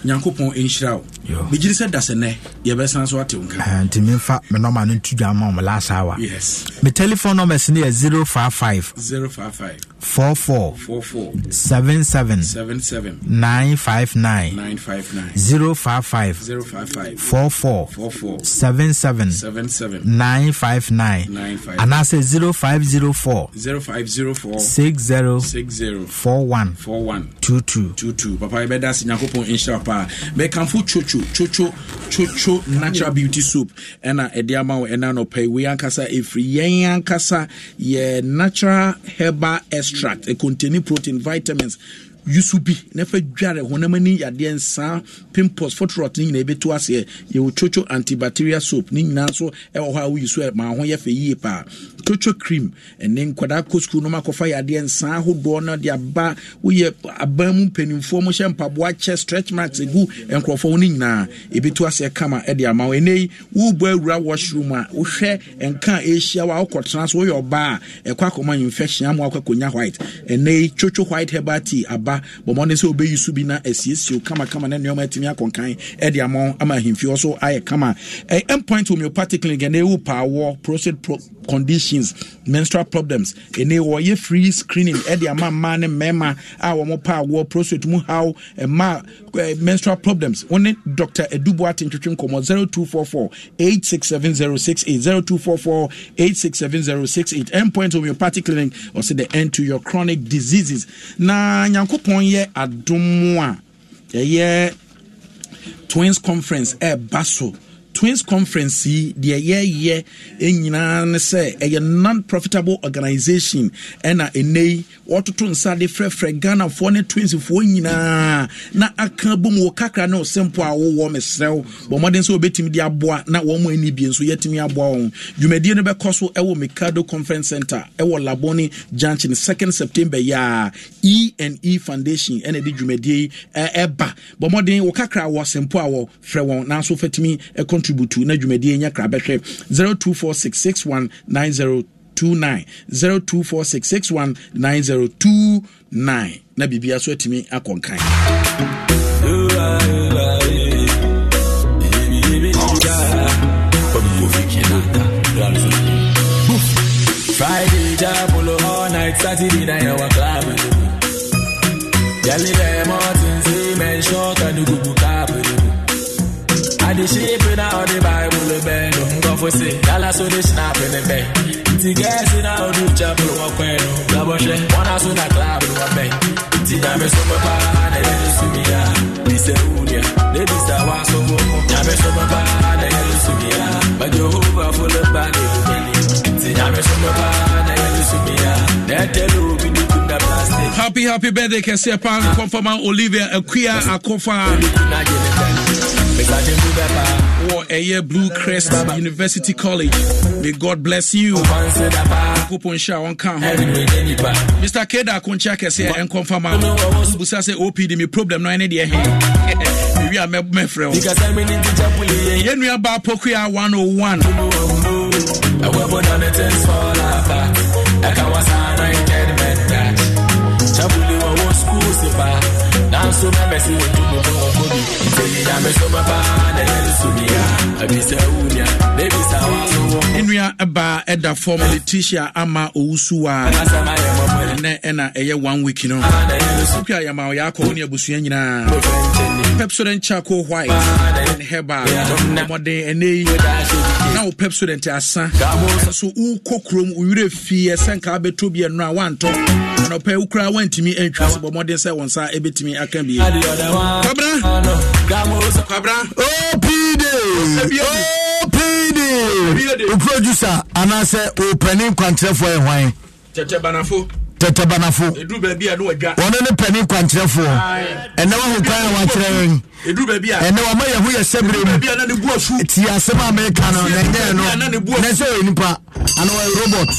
nyankopɔn ɛnhyira wo megyere sɛ da sɛ nɛ yɛbɛsan so atew nkanti eh, memfa me nɔma no nto dwa ma wo me lasa wa me telephone numbers ne yɛ 055 055 four four four four seven seven seven seven nine five nine nine five nine zero five five zero five five four four four four seven seven seven seven nine five nine nine five and I say zero five zero four zero five zero four six zero six zero four one four one two two two two papa ebe da si nyakopon insha pa be kamfu chocho chocho chocho natural beauty soup ɛna ɛde ama wo ɛna no pay we ankasa efiri yɛn ankasa yɛ natural herbal extract extract. It contains protein, vitamins, yusu bi na fa dware honam ani yadeɛ nsaa pimples fotrot ne nyinaa ɛbɛtu aseɛ yɛwɔ twotwo antibacterial soap ne nyinaa nso ɛwɔ hɔ a woyusu e, ma ho yɛ fɛ yie paa twotwo cream ɛne nkwadaa kɔ sukuu no ma kɔfa yadeɛ nsaa ahodoɔ no de aba woyɛ aban mu mpanimfoɔ mo hyɛ mpaboa kyɛ stretch marks ɛgu nkurɔfoɔ no nyinaa ɛbɛtu aseɛ e kama ɛde e ama wo ɛnɛ yi wobɔ awura washroom a wohwɛ nka a ɛhyia wo a wokɔtena so woyɛ ɔbaa ɛkɔ akɔma infection ama wakɔkɔnya white ɛnɛ yi twotwo white herbal tea aba aba bɔmmɔden sɛ wobɛyi so bi na asiesie kamakama na nneɔma atumi akɔnkan ɛde ama ama ahemfie hɔ so ayɛ kama endpoint homeopathic clinic ɛnɛ ɛwu paawɔ prostate conditions menstrual problems ɛne wɔyɛ free screening ɛde ama mmaa ne mmarima a wɔn pa awoɔ prostate mu haw mmaa menstrual problems wɔne dr edubu ate ntwitwi nkɔmɔ zero two four four eight six seven zero six eight zero two four four eight six seven zero six eight endpoint homeopathy clinic ɔsi the end to your chronic diseases na nyankopɔn yɛ adomu a ɛyɛ twins conference ɛɛba so twins conference yi deɛ yɛyɛ nyinaa ne sɛ ɛyɛ non-profitable organisation ɛna ɛnɛ yi wɔtoto nsa de frɛfrɛ ghanafoɔ ne twinsfoɔ nyinaa na aka bom wɔ kakra ne ɔsɛmpo a wowɔ mesrɛ wo bɔ mmɔden sɛ wɔbɛtumi de aboa na wɔn mu ani bie nso yɛatumi aboa wɔn dwumadie no bɛkɔ so ɛwɔ mikado conference center ɛwɔ Laboni junction second september yi a e and e foundation ɛna ɛde dwumadie yi ɛba bɔ mmɔden wɔ kakra wɔ asɛmpo a wɔfrɛ wɔn nanso fatumi ɛkɔnt contribute na dwumadie nya kra bɛhwɛ 02466190 29 0246619029 na biribia so atumi akɔ nkan Friday, Jabolo, all night, Saturday, night, our club. Yelly, them all the sheep in all the Bible bend. Don't go for say, Yala so they snap in the bed. Ti guess in all the chapel walk when double share. One as soon as clap in my bed. Ti dame so my and then you see me This is Unia, they be star was so good. Dame so my and then you see me ya. But Jehovah full of body. Ti dame see me Happy happy birthday kɛseɛ paa nkɔmfama olivia akua akɔfa wɔ ɛyɛ blue crest university college may god bless you nkopo nhyɛ a wɔnka mr keda akonkyea kɛseɛ ɛnkɔmfa ma busa sɛ opd *laughs* me problem no ɛne deɛ he mewi a mɛfrɛ wo yɛnnua baa pokua 101 nso mɛbɛsi wɔtumu mu ɔkɔ bi sɛyiyɛ mɛsɔba paa na yɛre so bia abisa wunia na ebisa wasowɔ nnua ɛbaa ɛda fam letitia ama owusu a ɛnɛ ɛna ɛyɛ one week no wokua yɛma ɔyɛ akɔ wo ne abusua nyinaa pepsodent charcoal white and herbal ɔmɔden ɛnɛ yi na wo pepsodent asa nso wokɔ kurom wowerɛ fii ɛsɛ nka bi ɛno woantɔ anɔpɛ wo woantumi antwa so bɔ sɛ wo nsa ɛbɛtumi aka bie producer anaasɛ wo panin kwankyerɛfoɔ yɛ hwan tɛtɛ banafo tɛtɛ banafo wɔne ne pani kwankyerɛfoɔ ɛnɛ waho kwan a wakyerɛ yɛn ɛnɛ wama yɛho yɛ sɛberɛ mu ti asɛm a meka no nɛnyɛɛ no nɛ sɛ ɔyɛ nipa ana robot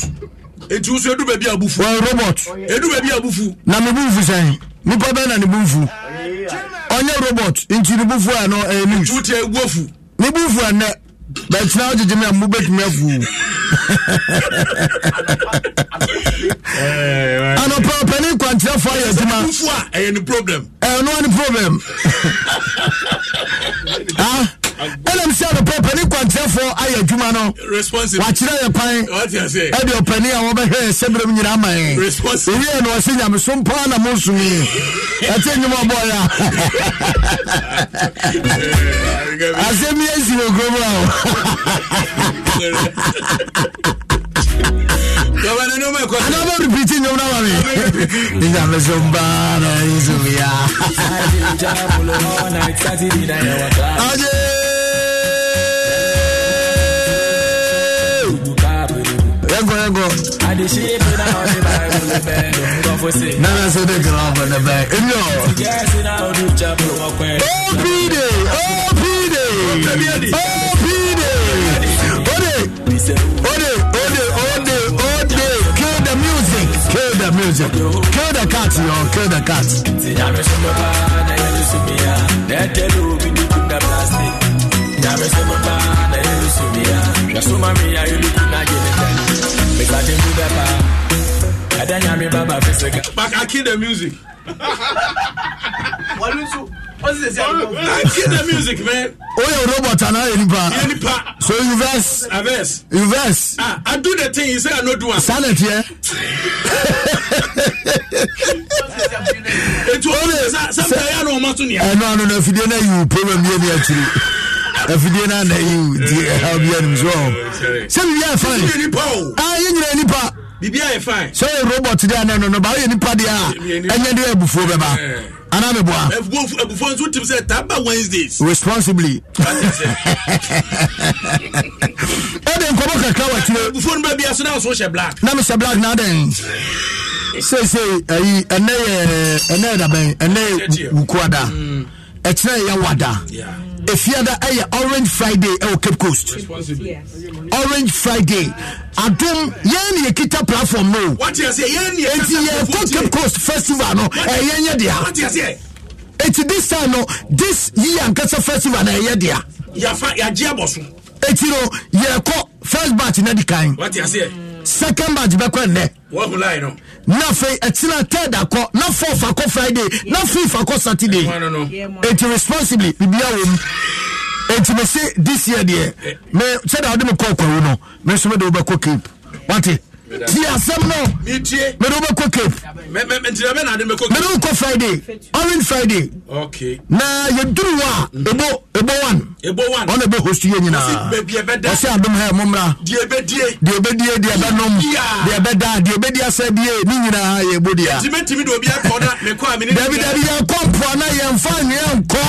eti nso abufu. wɔn robot. edu abufu. na mi bumfu sɛn nipa bɛɛ na ni bumfu ɔnyɛ robot nti ni bumfu a no ɛyɛ news. ntutu egu ofu. ni bẹẹsì náà jẹjẹrẹ mi à mú bẹẹsì mi à fún un. anọpẹ ọpẹni kwantirafo ayẹ juma. ẹyẹ ni problem. ẹ eh, ọ ní wọn ni problem. *laughs* ɛnam sɛ anɔpɛ ɔpani kwankyerɛfoɔ ayɛ adwuma no wakyerɛ yɛ kwan ɛde ɔpani a wɔbɛhwɛ sɛberɛm nyinaa ma ɛ owie na ɔse nyameso mpa na monsomi ɛte nnwuma bɔyɛ asɛm yɛsi wɔ kurom a anaba repeating nyom na mami nyame so mba na yesu ya aje go go. Nana said they can on the back. No. OP day, OP day, OP day. Ode, ode, ode, ode, ode. Kill the music, kill the music, kill the cat, yo, kill the cat. Nyame sɛ mɛba na yɛlusumia hwɛ a me baba fi sika. But I kill the music. Wọ́n ní sùn. Kill the music, man. Oh, your robot and nipa. So you verse. I Ah, I do the thing you say I no do. Silent, yeah. It was sometimes I don't want to know. No, no, no. If you don't know, you problem here actually. afidie no ana yi di ɛhaw bia nim so sɛ biribia ɛfa yɛnyina nipa biribi ayɛ fine. sɛ robot de anan no no ba oyɛ nipa de a ɛnyɛ de abufuo bɛba ana mi bua. abufuo nso tim sɛ taba wednesdays. responsibly. *laughs* ɛdi nkɔmɔ kakra wɔ akyire. abufuo no bɛ bi aso na so hyɛ black. na mi hyɛ black na adan seesei ayi ɛnɛ yɛ ɛnɛ yɛ dabɛn ɛnɛ yɛ wukuada mm. ɛkyerɛ yɛ wada. Yeah efiada ɛyɛ orange friday ɛwɔ cape coast orange friday adum yɛn ni ekita platform no eti yɛkɔ eh, cape coast festival no ɛyɛn yɛ dea eti this time no this year ankasa festival na ɛyɛ dea eti no yɛkɔ first batch na di kan second match bɛkɔ nnɛ na afei ɛtena third akɔ na fourth akɔ friday na fifth akɔ saturday eti responsibly bibia wɔ mu eti mɛ se this year deɛ mɛ sɛdeɛ ɔde mi kɔ ɔkɔwu no mɛ nso mɛ de wo bɛkɔ cape wate di asɛm no mede wobɛkɔ capemede wokɔ friday orange friday okay. na yɛduru hɔ a ɛbo mhm. ɛbo one ɔna ɛbɛhost yɛ nyinaa ɔsɛ adom ha mommra deɛ ɛbɛdie deɛ ɛbɛnom deɛ ɛbɛda deɛ ɛbɛdi asɛ bie ne nyinaa yɛ bo dea dabi dabi yɛnkɔ mpoa na yɛmfa nweɛ nkɔ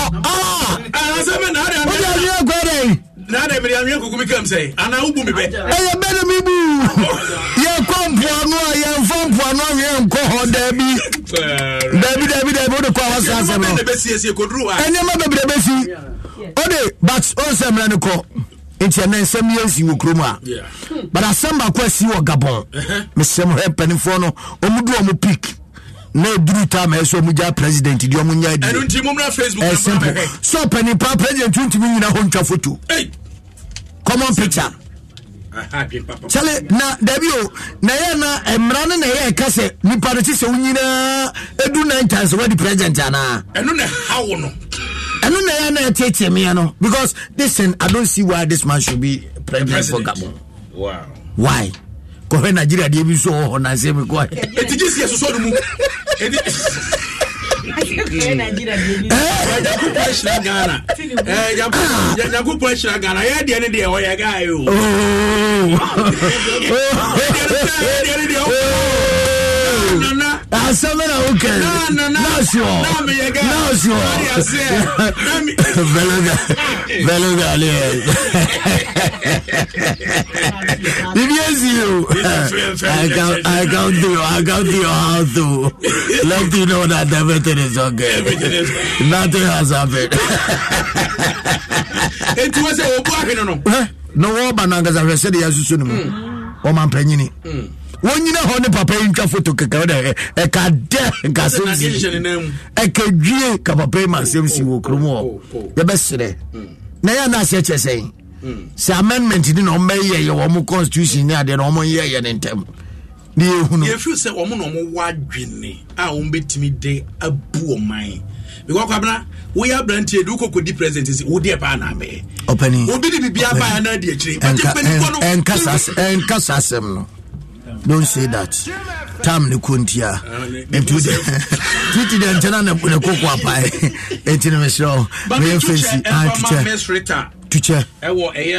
wode aweɛ nkɔ dɛn na na mmiri anwea kuku mi kam sɛ anaa wobu mi bɛ. ɛyɛ bɛni mi bu yɛkɔ mpoano a yɛnfɔ mpoano awia nkɔ hɔ dɛbi dɛbi dɛbi dɛbi o kɔ awa sɛ no ɛnyɛma bɛbi bɛsi o but o nsɛm na ne kɔ nti ɛnɛ nsɛm yɛ wɔ kurom a but asɛm baako asi wɔ gabɔn mesɛm hɛ mpanimfoɔ no ɔmu du ɔmu peak na aduru time ɛsɛ ɔmo gya president deɛ ɔmo nya adie ɛnu nti mo mura facebook ɛsɛ mpo so panipa president tuntumi nyina hɔ ntwa foto common picture kyɛle na dabi o na yɛ na mmara no na ɛyɛ ɛka sɛ nipa no kyesɛ wo nyinaa ɛdu nine times wadi president anaa ɛno na hawo no ɛno na ɛyɛ na ɛtiatia meɛ no because listen i don't see why this man should be president, president. for gabon wow. why kɔhwɛ nigeria deɛ bi nso wɔ hɔ nansɛ mi kɔ ɛti gye si ɛsoso no mu nyankopɔn ahyira ghana yɛdeɛ deɛ ɔyɛ asɛm na woka nasoɔ nasoɔ velogaleɛ biribi asi o I come to you I come to your house to *laughs* let you know that everything is okay nothing has happened ɛnti wɔ sɛ wɔbu ahwene no na wɔba no ankasa hwɛ sɛdeɛ yɛasusu no mu ɔmampanyini mm wɔn nyina hɔ ne papa yi ntwa foto kɛkɛ ɔdɛ ɛka dɛ nka asɛm si ɛka dwie ka papa yi ma asɛm si wɔ kurom hɔ oh, oh, oh. yɛbɛsrɛ mm. na yɛn na aseɛ kyɛ sɛn mm. sɛ amendment ni na ɔmɛyɛ yɛ wɔn constitution ni adeɛ na ɔmɔyɛ yɛ ne ntɛm ne yɛhunu. yɛfiri sɛ wɔn na wɔn wɔ adwene a wɔn bɛtumi de abu ɔman because kwabena woyɛ aberanteɛ de wokɔ kɔdi president sɛ wodeɛ paa na abɛyɛ ɔpani obi de biribi abaeɛ na akyire ɛnka saa asɛm no don't say that tam *laughs* ne kontia nti titi de nkyɛna ne koko apae eh. ɛnti ne meserɛ wo meyɛ fɛsi tukyɛ